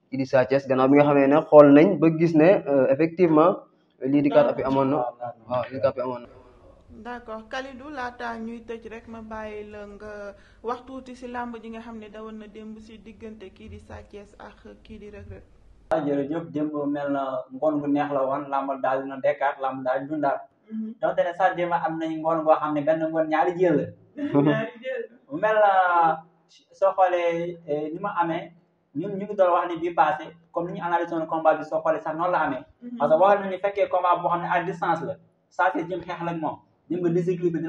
kii di Sa bi nga xamee ne xool nañ ba gis ne effectivement lii di carte d'appui amoon na waaw lii di carte d'appui amoon na. d'accord Kalidou laata ñuy tëj rek ma bàyyi la nga wax tuuti ci làmb ji nga xam ne dawoon na démb ci diggante kii di Sa ak kii di Reug Reug. waaw ah, jërëjëf démb mel na ngoon bu neex la woon làmb daal dina dekkaat làmb daal dundaat. Mhm. donc dana sax démb am nañu ngoon boo xam ne benn ngoon ñaari jël la. ñaari mel na soo xoolee eh, ni ma amee ñun ñu ngi doon wax ni bii passé. comme ni ñu analysé woon combat bi soo xoolee sax noonu la amee. Mhm. parce que waxal na ni fekkee combat boo xam xeex la ak moom jëm nga déséquilibre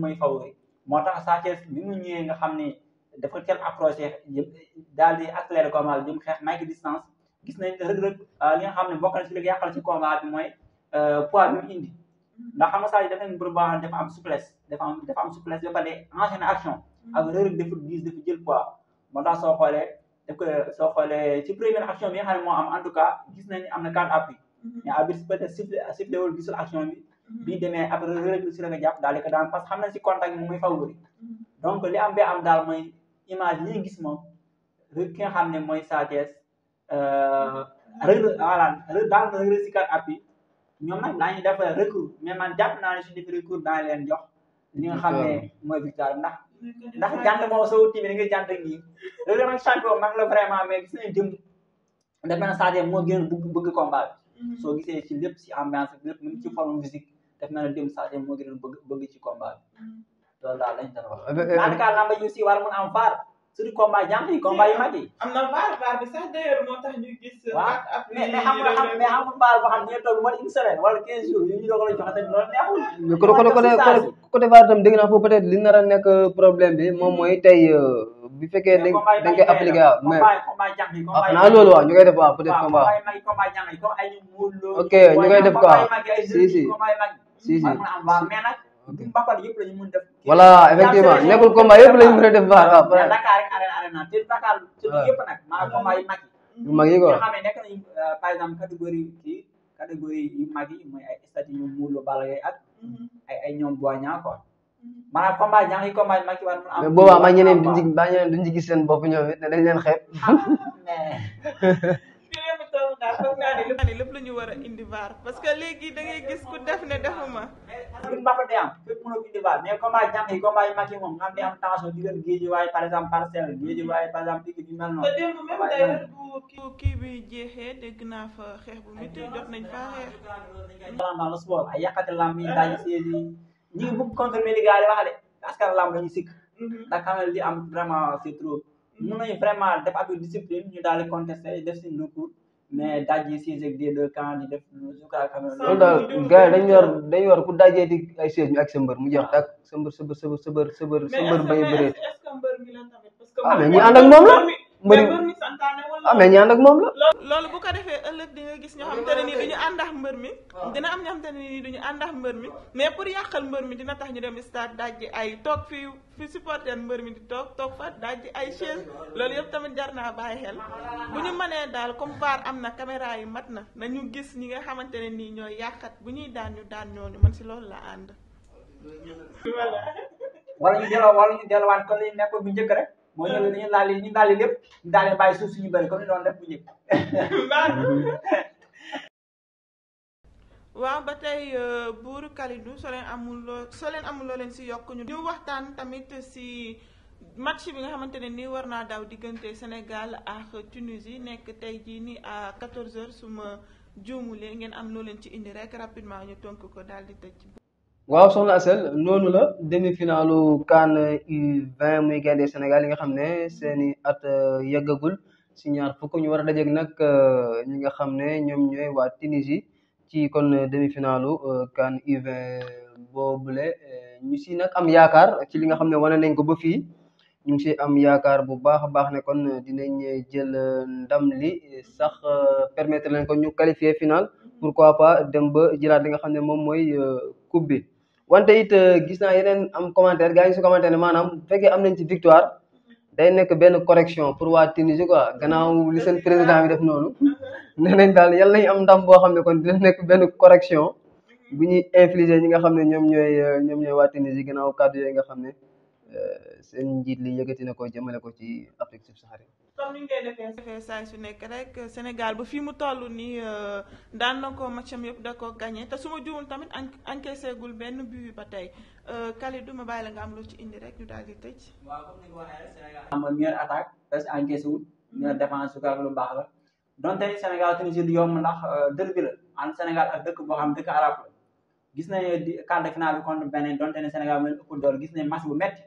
mooy favori moo tax saa si bi mu ñëwee nga xam ni dafa teel approché daal di accéléré combat bi jëm xeex may ki distance gis nañ Reug Reug euh, li nga xam ne bokk na ci li yàqal ci combat bi mooy euh, poids bi mu indi. Mhm. ndax xam nga saa yi dafa nekk mbir boo xam ne am souplesse dafa am dafa am souplesse ba pare action. Mhm. ak Reug Reug dafa diis jël poids moo tax soo xoolee. daf ko euh, soo xoolee ci première action bi nga xam ne moo am en tout cas gis nañ am na cadre appui mhm. mais arbitre peut être sifflé sifflé wul gisul action bi mhm. bii demee après rëdd si la nga jàpp daal di ko daan parce que xam nañ si contact bi mhm. am ba am daal mooy image li gis moom rek ki ne mooy Sa Thiès euh, rëdd voilà rëdd daal na rëdd si cadre appui ñoom nag daañu def recours mais man jàpp naa ne su leen jox li nga xam ne mooy victoire ndax ndax jant moom soo tiimee da ngay ngi loolu nag chaque fois la vraiment mais gis nañ démb def na Sadio moo gën bëgg bëgg combat mm-hmm. soo gisee ci lépp ci ambiance bi lépp ci forme physique def na démb Sadio moo gën bëgg bëgg ci combat bi mm-hmm. loolu daal lañ doon wax euh, euh, en tout cas lamba si aussi war mun am faar surtout combat jàmm yi combat yu mag yi. am na vaar vaar tam dégg naa foofu peut li nar nekk problème bi moom mooy tey euh, bu fekkee dañ koy appliqué waaw mais ah naa loolu waaw ñu koy def waaw peut-être combat. ok ñu koy def ko si si du mbapat yëpp la ñu mën def. voilà effectivement nekkul combat yëpp la ñu mën a def baax waaw. waaw Dakar rek arène arène naa te Dakar surtout yëpp nag. maa combat yu mag yi. yu mag yi quoi nga xam ne nekk nañu par exemple catégorie kii catégorie yu mag yi mooy ay stade yu muurlu bala yooyu ak ay ay ñoom boo ñaa quoi. maanaam combat ñaa ngi combat yu mag yi war na. mais boobaa maa ñeneen duñ ci maa ñeneen duñ ci gis seen bopp ñoom it ne dañ leen xeeb. ñoom daal foog naa lépp. naa la ñu war a indi vaar parce que léegi da ngay gis ku def ne defuma. mais mbapat ko am fépp mënoo indi vaar mais combat jàng yi combat yu mag yi moom nga am am tension diggante géej waaye par exemple parcelle géej waaye par exemple digg bi mel noonu. te démb même d'ailleurs jeexee dégg naa fa xeex bu métti jot nañ faa xeex. dans le a ay yàqati lamb yi daañu siy ñu ngi bëgg confirmer li gars yi wax de askan lamb dañu sikk. Mhm. ndax xam nga li am vraiment c'est trop. mën nañu vraiment def a discipline ñu daal di contester def si recours mais dajji siis ak des deux camps di def loolu daal gars yi dañu yor dañu yor ku dajee di ay siis ak sa mbër mu jeex tàkk sa mbër sa mbër sa mbër sa mbër sa mbër bay bëreet ah mais ñi ànd ak moom la mbëri ah mais ñaan ak moom la. loolu bu ko defee ëllëg di nga gis ñoo xamante ne nii du ñu àndax mbër mi. dina am ñoo xamante ne nii du ñu mbër mi mais pour yàqal mbër mi dina tax ñu dem stade dajji ay toog fii fi supporter mbër mi di toog toog fa dajji ay chaise loolu yëpp tamit jar naa bàyyi xel bu ñu mënee daal comme am na caméra yi mat na nañu gis ñi nga xamante ne nii ñooy yàqat bu ñuy daan ñu daan ñooñu man si loolu la ànd. voilà. wala ñu delloo wala ñu delluwaat ko li nekk bu rek mooy ñëw dañuy laal ñu laal lépp ñu daal di bàyyi suuf suñu bëri comme ni doon def bu njëkk. waaw ba tey euh, buuru Kalidou soo leen amul loo soo leen amul loo leen si yokk ñu. ñu waxtaan tamit si match bi nga xamante ne nii war naa daw diggante Sénégal ak yi nekk tey jii nii à 14h su ma juumulee ngeen am loo leen ci indi rek rapidement ñu tonk ko daal di tëj. waaw soxna Asel noonu la demi-finalu CAN u muy gaynde Sénégal yi nga xam ne seeni at euh, yeggagul si ñaar fukk ñu war a dajeeg nag euh, ñi nga xam ne ñoom ñooy waa Tunisie ci kon demi-finalu euh, CAN U20 boobule si nag am yaakaar ci li nga xam ne wane nañ ko ba fii ñu ngi si am yaakaar bu baax a baax ne kon dina dinañ jël ndam li sax permettre leen ko ñu qualifier final pourquoi pas dem ba jëlaat li nga xam ne moom mooy coupe bi. wante it euh, gis naa yeneen am commentaire gars yi su commentaire ne maanaam bu fekkee am nañ ci victoire day nekk benn correction pour waa Tunisie quoi gannaaw li seen président bi def noonu nee nañ daal yàlla nañ am ndam boo xam ne kon dina nekk benn correction bu ñuy infliger ñi nga xam ne ñoom ñooy euh, ñoom ñooy waa Tunisie gannaaw kàddu yooyu nga xam ne euh, seen njiit li yëkkati na ko jëmale ko ci Afrique subsaharienne comme ni ñu koy defee saay su nekk rek Sénégal ba fii mu toll nii euh, daan na ko matcham yëpp da ko gagné te su ma juumul tamit encaissé gul benn but ba tey euh, Kalidou ma bàyyi la nga am loo ci indi rek ñu daal di tëj. waaw comme ni nga ko waxee am na meilleure attaque presque encaissé wul mm-hmm. lu baax la donte ni Sénégal Tunisie du yomb ndax euh, derby la en Sénégal a dëkk boo xam dëkk arab la gis nañu quart de finale bi contre Benin donte ni Sénégal mooy ëpp doole gis nañu match bu métti.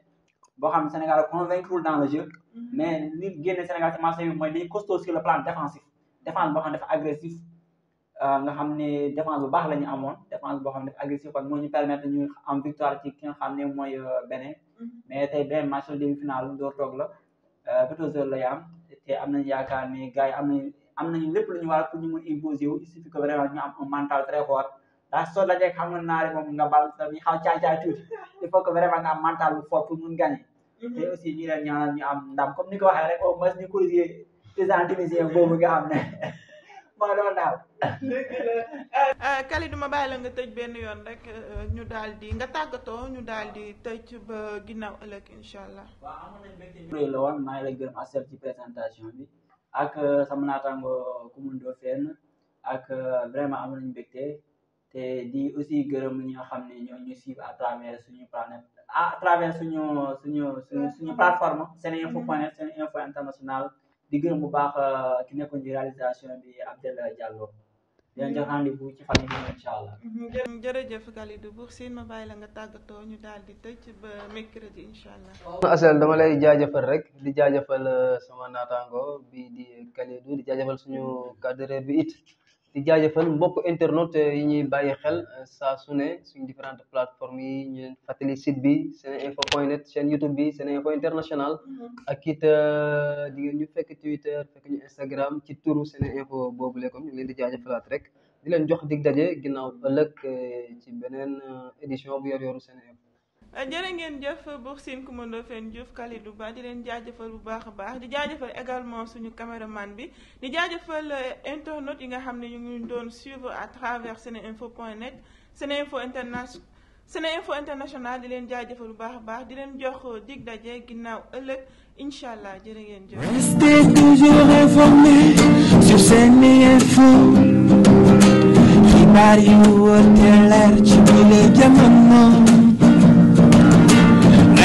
boo xam ne Sénégal convaincre dans le jeu mm-hmm. mais li génne Sénégal ci marché bi mooy dañu costaud sur le plan défensif défense boo xam ne dafa agressif euh, nga xam ne défense bu baax la ñu amoon défense boo xam ne dafa agressif kon moo ñu permettre ñu am victoire ci ki xam ne mooy euh, Bénin mm-hmm. mais tey benn match demi-finale door toog la quatorze euh, heures la yaam te am nañu yaakaar ne gars yi am nañu am nañu lépp lu ñu war wu il suffit que vraiment ñu am un mental très fort ndax soo xam naari moom nga bal ñu xaw caay caay tuuti il faut que vraiment te aussi ñu leen ñaanal ñu am ndam comme ni ko waxee rek au moins ñu corriger président tunisien boobu nga xam ne moo doon daal. Kalidou ma bàyyi la nga tëj benn yoon rek ñu daal di nga tàggatoo ñu daal di tëj ba ginnaaw ëllëg incha allah. waaw amoon nañu mbégte ñu la woon maa ngi lay gërëm Asel bi ak sama naataango Koumoundo Fenn ak vraiment amoon nañu mbégte te di aussi gërëm ñi nga xam ne ñoo ñu suivre à travers suñu planète ah travers suñu suñu suñu suñu plateforme seneinfo mm-hmm. point net seneinfo international di gërëm bu baax euh, ki nekkoon réalisation bi Abdel Diallo di leen jox mm-hmm. rendez ci fan yii incha allah. Mm-hmm. jërëjëf Kalidou Bour Sine ma la nga tàggatoo ñu daal di tëj ba mercredi incha allah. dama lay jaajëfal rek di jaajëfal euh, sama naataango bi di Kalidou di jaajëfal suñu cadre bi it. di jaajëfal mbokk internet yi ñuy bàyyi xel euh, saa su ne suñ différentes plateformes yi ñu leen fàttali site bi sene info point net chaîne YouTube bi sene info international mm-hmm. ak it euh, di ngeen ñu fekk Twitter fekk ñu Instagram ci turu sene info boobu lekom ñu ngi leen di jaajëfalaat rek di leen jox dig daje ginnaaw ëllëg euh, ci beneen édition bi yor yoru sene info Euh, jërë ngeen jëf Buur Sine Coumba Ndoffène Diouf Kalidou Ba di leen jëfal bu baax a baax di jaajëfal également suñu caméraman bi di jaajëfal euh, internautes yi nga xam ne ñu ngi doon suivre à travers seen seneinfo point net seneinfo international seneinfo international di leen jëfal bu baax a baax di leen jox euh, dig daje ginnaaw ëllëg incha allah jërë ngeen jëf. Restez toujours informés sur seneinfo xibaar yu wóor te leer ci bile jamono.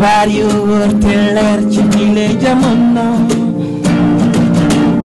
xibaar yu wóor te leer ci biir jamono